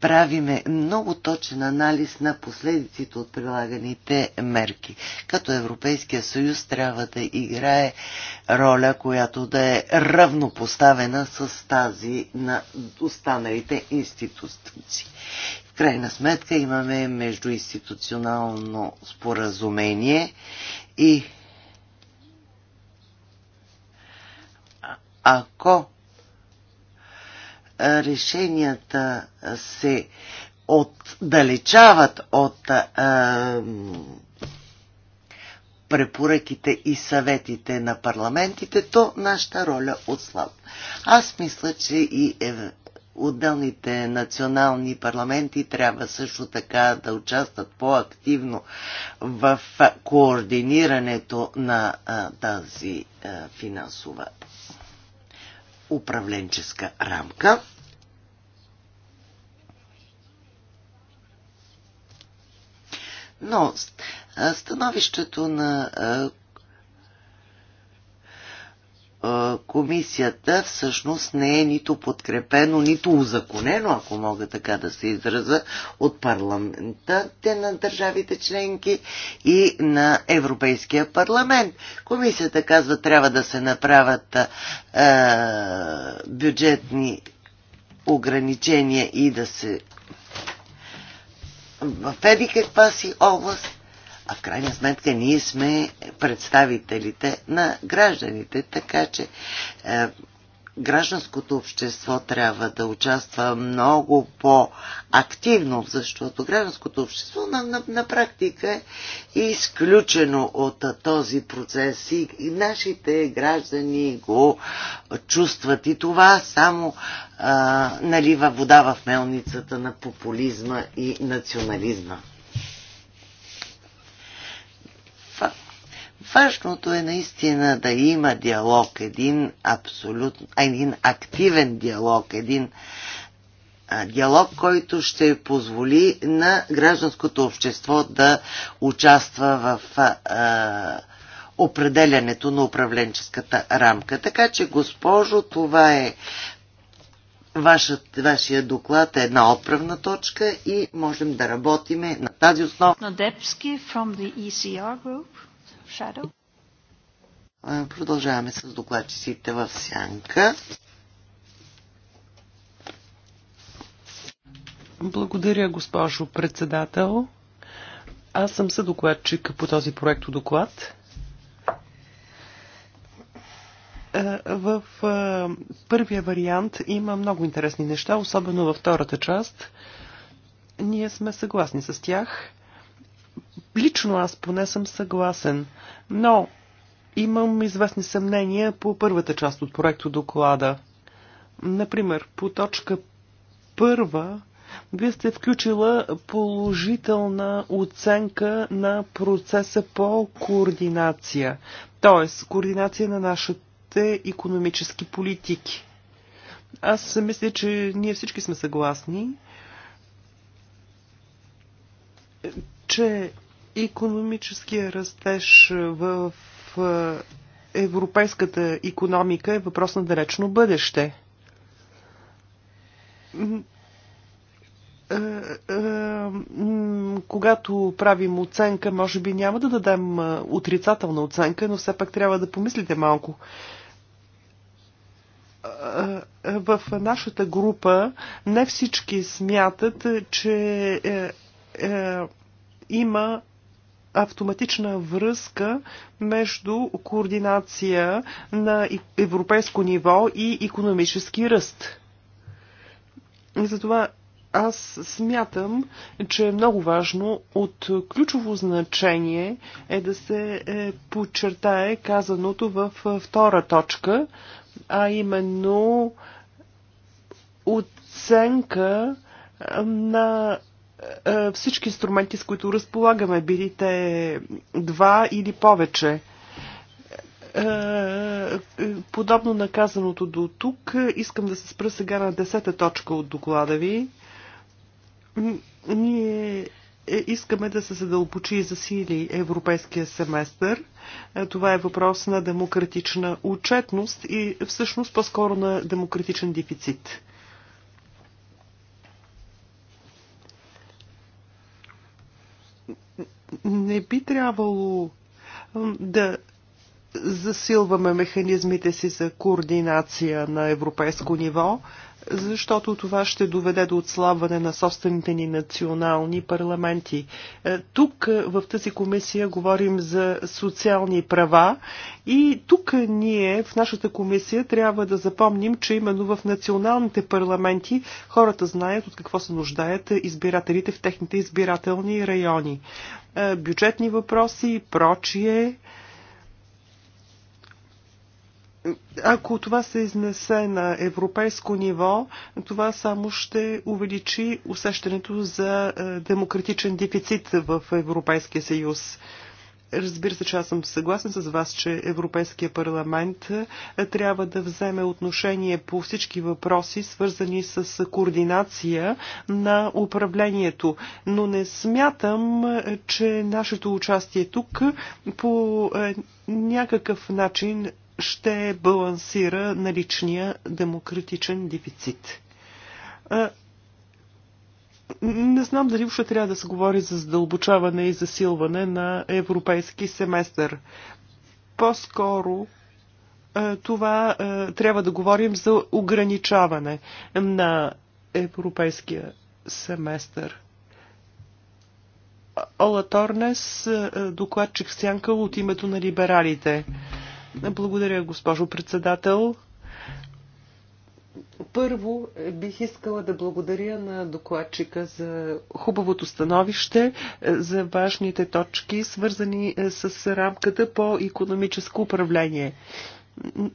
правиме много точен анализ на последиците от прилаганите мерки. Като Европейския съюз трябва да играе роля, която да е равнопоставена с тази на останалите институции крайна сметка имаме междуинституционално споразумение и ако решенията се отдалечават от а, препоръките и съветите на парламентите, то нашата роля е отслабва. Аз мисля, че и отделните национални парламенти трябва също така да участват по-активно в координирането на тази финансова управленческа рамка. Но становището на комисията всъщност не е нито подкрепено, нито узаконено, ако мога така да се израза, от парламентите на държавите членки и на Европейския парламент. Комисията казва, трябва да се направят е, бюджетни ограничения и да се в еди каква си област а в крайна сметка ние сме представителите на гражданите, така че е, гражданското общество трябва да участва много по-активно, защото гражданското общество на, на, на практика е изключено от този процес и, и нашите граждани го чувстват и това само а, налива вода в мелницата на популизма и национализма. Важното е наистина да има диалог, един, абсолют, един активен диалог, един диалог, който ще позволи на гражданското общество да участва в а, определянето на управленческата рамка. Така че, госпожо, това е вашът, вашия доклад е една отправна точка и можем да работиме на тази основа. Надепски from the ECR group. Шарел. Продължаваме с докладчиците в сянка. Благодаря, госпожо председател. Аз съм съдокладчик по този проект доклад. Е, в е, първия вариант има много интересни неща, особено във втората част. Ние сме съгласни с тях. Лично аз поне съм съгласен, но имам известни съмнения по първата част от проекто доклада. Например, по точка първа вие сте включила положителна оценка на процеса по координация, т.е. координация на нашите економически политики. Аз мисля, че ние всички сме съгласни, че Економическия растеж в европейската економика е въпрос на далечно бъдеще когато правим оценка, може би няма да дадем отрицателна оценка, но все пак трябва да помислите малко. В нашата група не всички смятат, че е, е, има автоматична връзка между координация на европейско ниво и економически ръст. И затова аз смятам, че е много важно от ключово значение е да се е, подчертае казаното в е, втора точка, а именно оценка е, на е, всички инструменти, с които разполагаме, били те два или повече. Е, е, подобно наказаното до тук, искам да се спра сега на десета точка от доклада ви. Ние искаме да се задълбочи и засили европейския семестър. Това е въпрос на демократична отчетност и всъщност по-скоро на демократичен дефицит. не би трябвало да засилваме механизмите си за координация на европейско ниво, защото това ще доведе до отслабване на собствените ни национални парламенти. Е, тук е, в тази комисия говорим за социални права и тук ние в нашата комисия трябва да запомним, че именно в националните парламенти хората знаят от какво се нуждаят избирателите в техните избирателни райони. Е, бюджетни въпроси и прочие ако това се изнесе на европейско ниво, това само ще увеличи усещането за е, демократичен дефицит в Европейския съюз. Разбира се, че аз съм съгласен с вас, че Европейския парламент е, трябва да вземе отношение по всички въпроси, свързани с координация на управлението. Но не смятам, е, че нашето участие тук по някакъв начин ще балансира наличния демократичен дефицит. Не знам дали още трябва да се говори за задълбочаване и засилване на европейски семестър. По-скоро това трябва да говорим за ограничаване на европейския семестър. Ола Торнес, докладчик Сянка от името на либералите. Благодаря, госпожо председател. Първо бих искала да благодаря на докладчика за хубавото становище, за важните точки, свързани е, с рамката по економическо управление.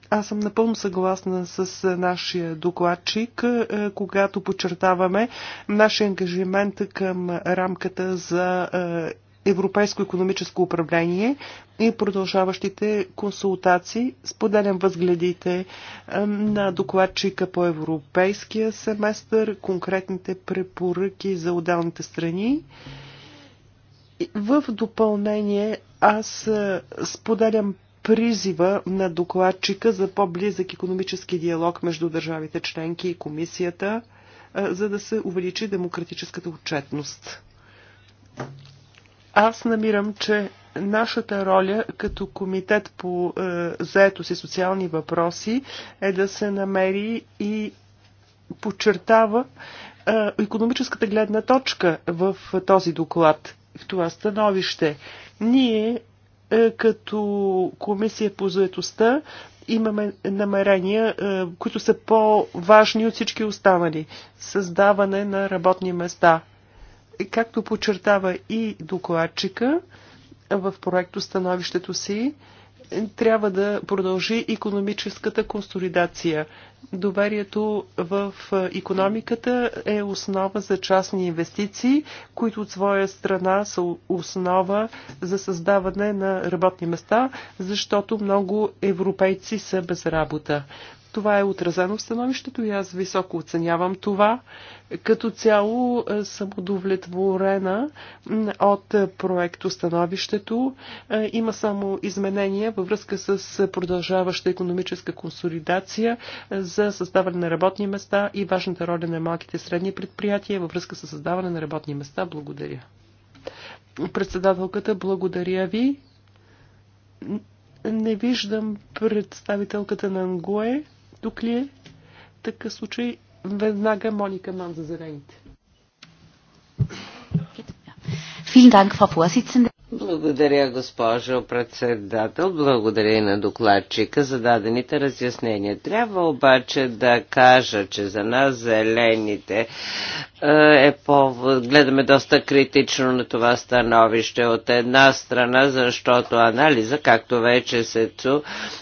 Аз съм напълно съгласна с нашия докладчик, е, когато подчертаваме нашия ангажимент към рамката за е, европейско економическо управление и продължаващите консултации. Споделям възгледите на докладчика по европейския семестър, конкретните препоръки за отделните страни. В допълнение аз споделям призива на докладчика за по-близък економически диалог между държавите членки и комисията, за да се увеличи демократическата отчетност. Аз намирам, че нашата роля като комитет по е, заетост и социални въпроси е да се намери и подчертава е, економическата гледна точка в този доклад, в това становище. Ние е, като комисия по заетостта имаме намерения, е, които са по-важни от всички останали. Създаване на работни места, както подчертава и докладчика в проекто становището си, трябва да продължи економическата консолидация. Доверието в економиката е основа за частни инвестиции, които от своя страна са основа за създаване на работни места, защото много европейци са без работа. Това е отразено в становището и аз високо оценявам това. Като цяло е, съм удовлетворена от проекто становището. Е, има само изменения във връзка с продължаваща економическа консолидация е, за създаване на работни места и важната роля на малките и средни предприятия във връзка с създаване на работни места. Благодаря. Председателката, благодаря ви. Не виждам представителката на Ангуе. Тук ли е? Така случай веднага Моника Ман за зелените. Филин Данк, благодаря, госпожо председател. Благодаря и на докладчика за дадените разяснения. Трябва обаче да кажа, че за нас зелените е, е по... гледаме доста критично на това становище от една страна, защото анализа, както вече се цу,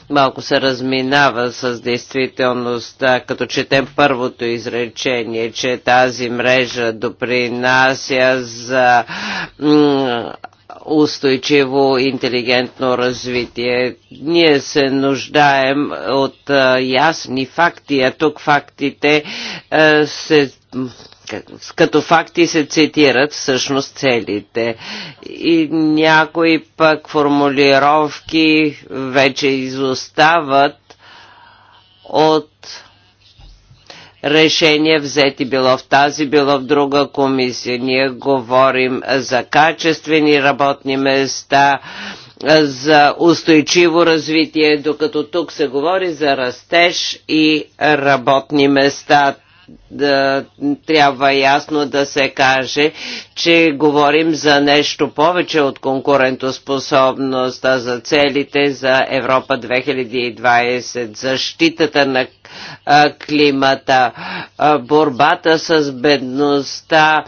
малко се разминава с действителността, като четем първото изречение, че тази мрежа допринася за устойчиво интелигентно развитие. Ние се нуждаем от а, ясни факти, а тук фактите а, се като факти се цитират всъщност целите. И някои пък формулировки вече изостават от решения взети било в тази, било в друга комисия. Ние говорим за качествени работни места, за устойчиво развитие, докато тук се говори за растеж и работни места да, трябва ясно да се каже, че говорим за нещо повече от конкурентоспособността за целите за Европа 2020, защитата на климата, борбата с бедността,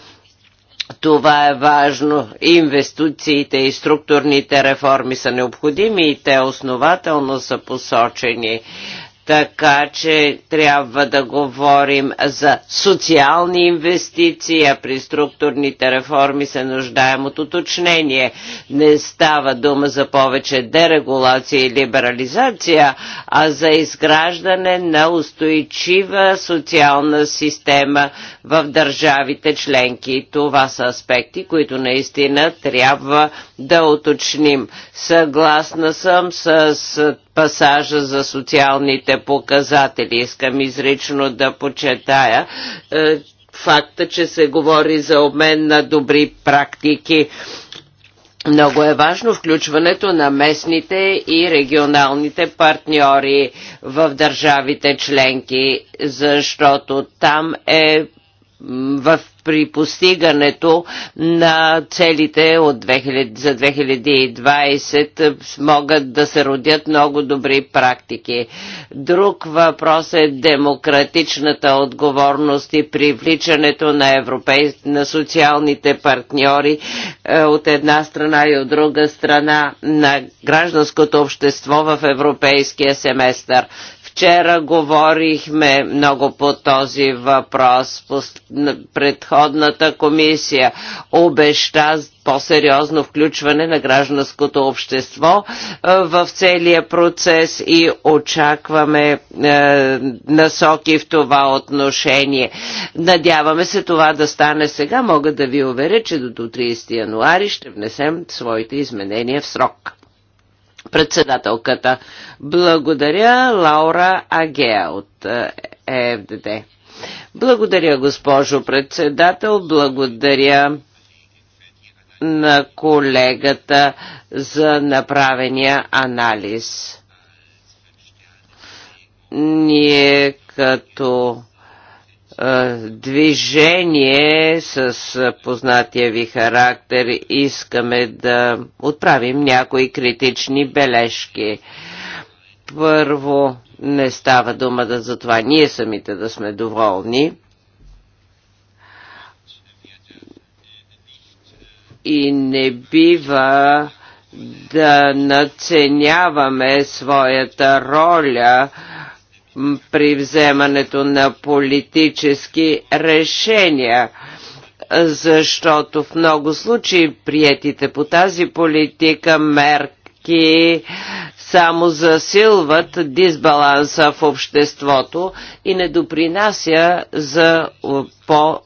това е важно. Инвестициите и структурните реформи са необходими и те основателно са посочени. Така че трябва да говорим за социални инвестиции, а при структурните реформи се нуждаем от уточнение. Не става дума за повече дерегулация и либерализация, а за изграждане на устойчива социална система в държавите членки. Това са аспекти, които наистина трябва да уточним. Съгласна съм с пасажа за социалните показатели. Искам изрично да почетая е, факта, че се говори за обмен на добри практики. Много е важно включването на местните и регионалните партньори в държавите членки, защото там е в, при постигането на целите от 2000, за 2020 могат да се родят много добри практики. Друг въпрос е демократичната отговорност и привличането на, европей, на социалните партньори е, от една страна и от друга страна на гражданското общество в европейския семестър. Вчера говорихме много по този въпрос. Предходната комисия обеща по-сериозно включване на гражданското общество е, в целия процес и очакваме е, насоки в това отношение. Надяваме се това да стане сега. Мога да ви уверя, че до 30 януари ще внесем своите изменения в срок председателката. Благодаря, Лаура Агея от ЕФДД. Е Благодаря, госпожо председател. Благодаря на колегата за направения анализ. Ние като движение с познатия ви характер искаме да отправим някои критични бележки. Първо, не става дума да за това ние самите да сме доволни. И не бива да наценяваме своята роля при вземането на политически решения защото в много случаи приетите по тази политика мерки само засилват дисбаланса в обществото и не допринася за по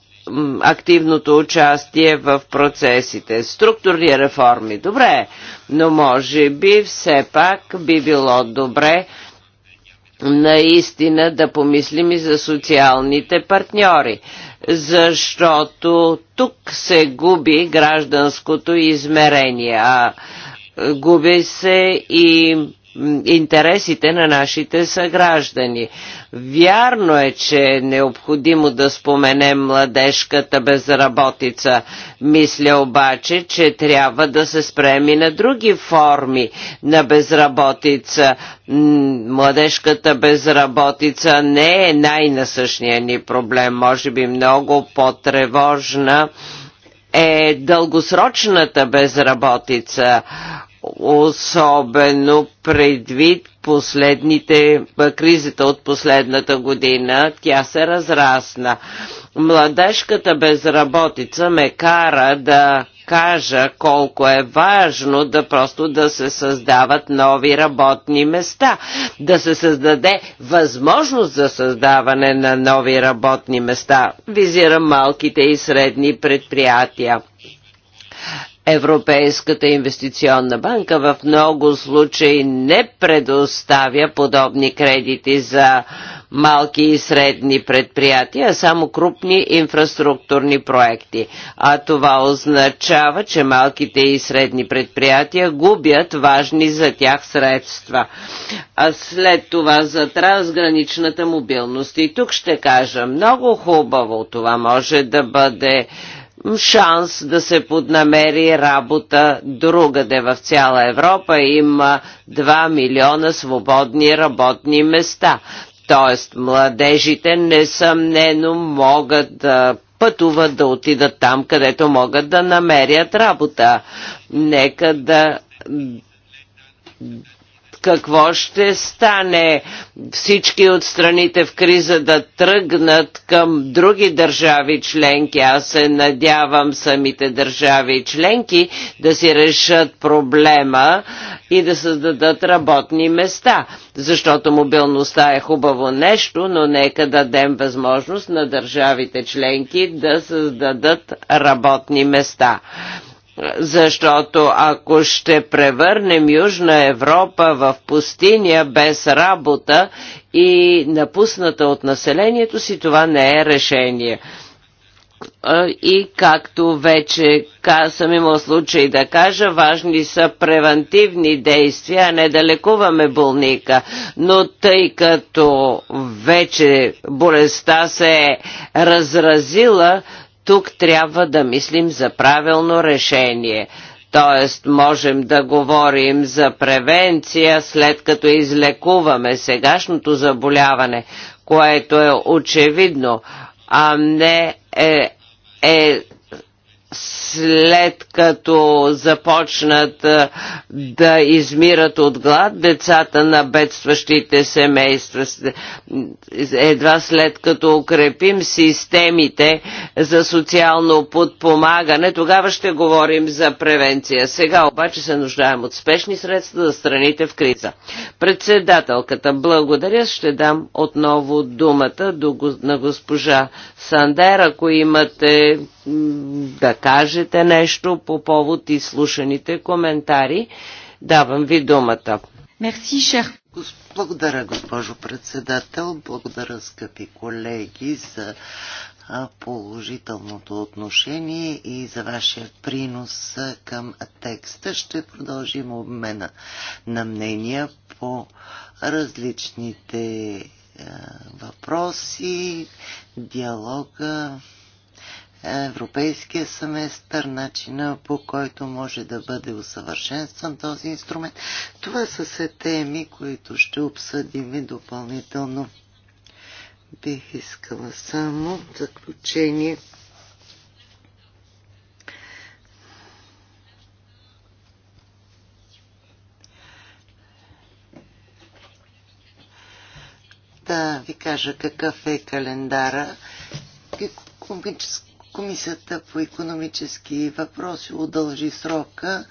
активното участие в процесите. Структурни реформи, добре, но може би все пак би било добре наистина да помислим и за социалните партньори, защото тук се губи гражданското измерение, а губи се и интересите на нашите съграждани. Вярно е, че е необходимо да споменем младежката безработица. Мисля обаче, че трябва да се спреми на други форми на безработица. Младежката безработица не е най-насъщния ни проблем, може би много по-тревожна е дългосрочната безработица, особено предвид последните кризите от последната година, тя се разрасна. Младежката безработица ме кара да кажа колко е важно да просто да се създават нови работни места, да се създаде възможност за създаване на нови работни места. Визирам малките и средни предприятия Европейската инвестиционна банка в много случаи не предоставя подобни кредити за малки и средни предприятия, а само крупни инфраструктурни проекти. А това означава, че малките и средни предприятия губят важни за тях средства. А след това за трансграничната мобилност. И тук ще кажа, много хубаво това може да бъде шанс да се поднамери работа другаде в цяла Европа. Има 2 милиона свободни работни места. Тоест, младежите несъмнено могат да пътуват да отидат там, където могат да намерят работа. Нека да какво ще стане. Всички от страните в криза да тръгнат към други държави членки. Аз се надявам самите държави членки да си решат проблема и да създадат работни места. Защото мобилността е хубаво нещо, но нека дадем възможност на държавите членки да създадат работни места защото ако ще превърнем Южна Европа в пустиня без работа и напусната от населението си, това не е решение. И както вече съм имал случай да кажа, важни са превентивни действия, а не да лекуваме болника. Но тъй като вече болестта се е разразила, тук трябва да мислим за правилно решение. Тоест, можем да говорим за превенция, след като излекуваме сегашното заболяване, което е очевидно, а не е, е след като започнат да измират от глад децата на бедстващите семейства. Едва след като укрепим системите за социално подпомагане, тогава ще говорим за превенция. Сега обаче се нуждаем от спешни средства за страните в криза. Председателката, благодаря, ще дам отново думата на госпожа Сандер, ако имате да кажете нещо по повод и слушаните коментари. Давам ви думата. Мерси, шер. Благодаря, госпожо председател. Благодаря, скъпи колеги, за положителното отношение и за вашия принос към текста. Ще продължим обмена на мнения по различните въпроси, диалога, европейския семестър, начина по който може да бъде усъвършенстван този инструмент. Това са се теми, които ще обсъдим и допълнително. Бих искала само заключение. Да ви кажа какъв е календара. Економически Комисията по економически въпроси удължи срока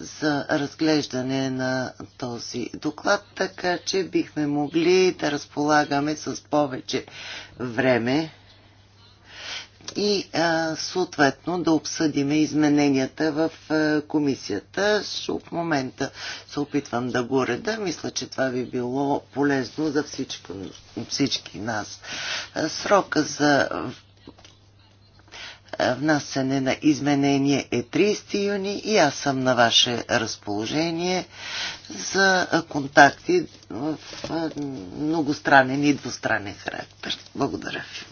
за разглеждане на този доклад, така че бихме могли да разполагаме с повече време и а, съответно да обсъдиме измененията в а, комисията. В момента се опитвам да го реда. Мисля, че това би било полезно за всички, всички нас. Срока за е, внасене на изменение е 30 юни и аз съм на ваше разположение за контакти в е, многостранен и двустранен характер. Благодаря ви.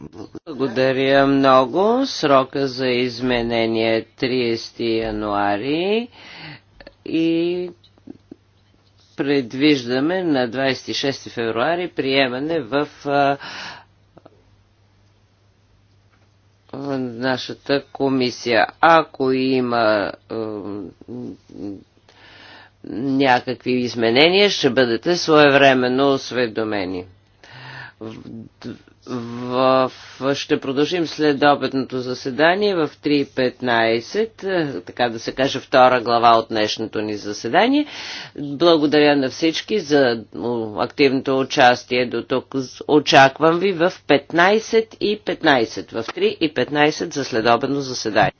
Благодаря. Благодаря много. Срока за изменение е 30 януари и предвиждаме на 26 февруари приемане в е, нашата комисия. Ако има е, някакви изменения, ще бъдете своевременно осведомени. В... Ще продължим след обедното заседание в 3.15, е, така да се каже втора глава от днешното ни заседание. Благодаря на всички за активното участие до тук. Очаквам ви в 15:15. 15, в 3.15 и 15 за следобедно заседание.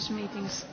status meetings.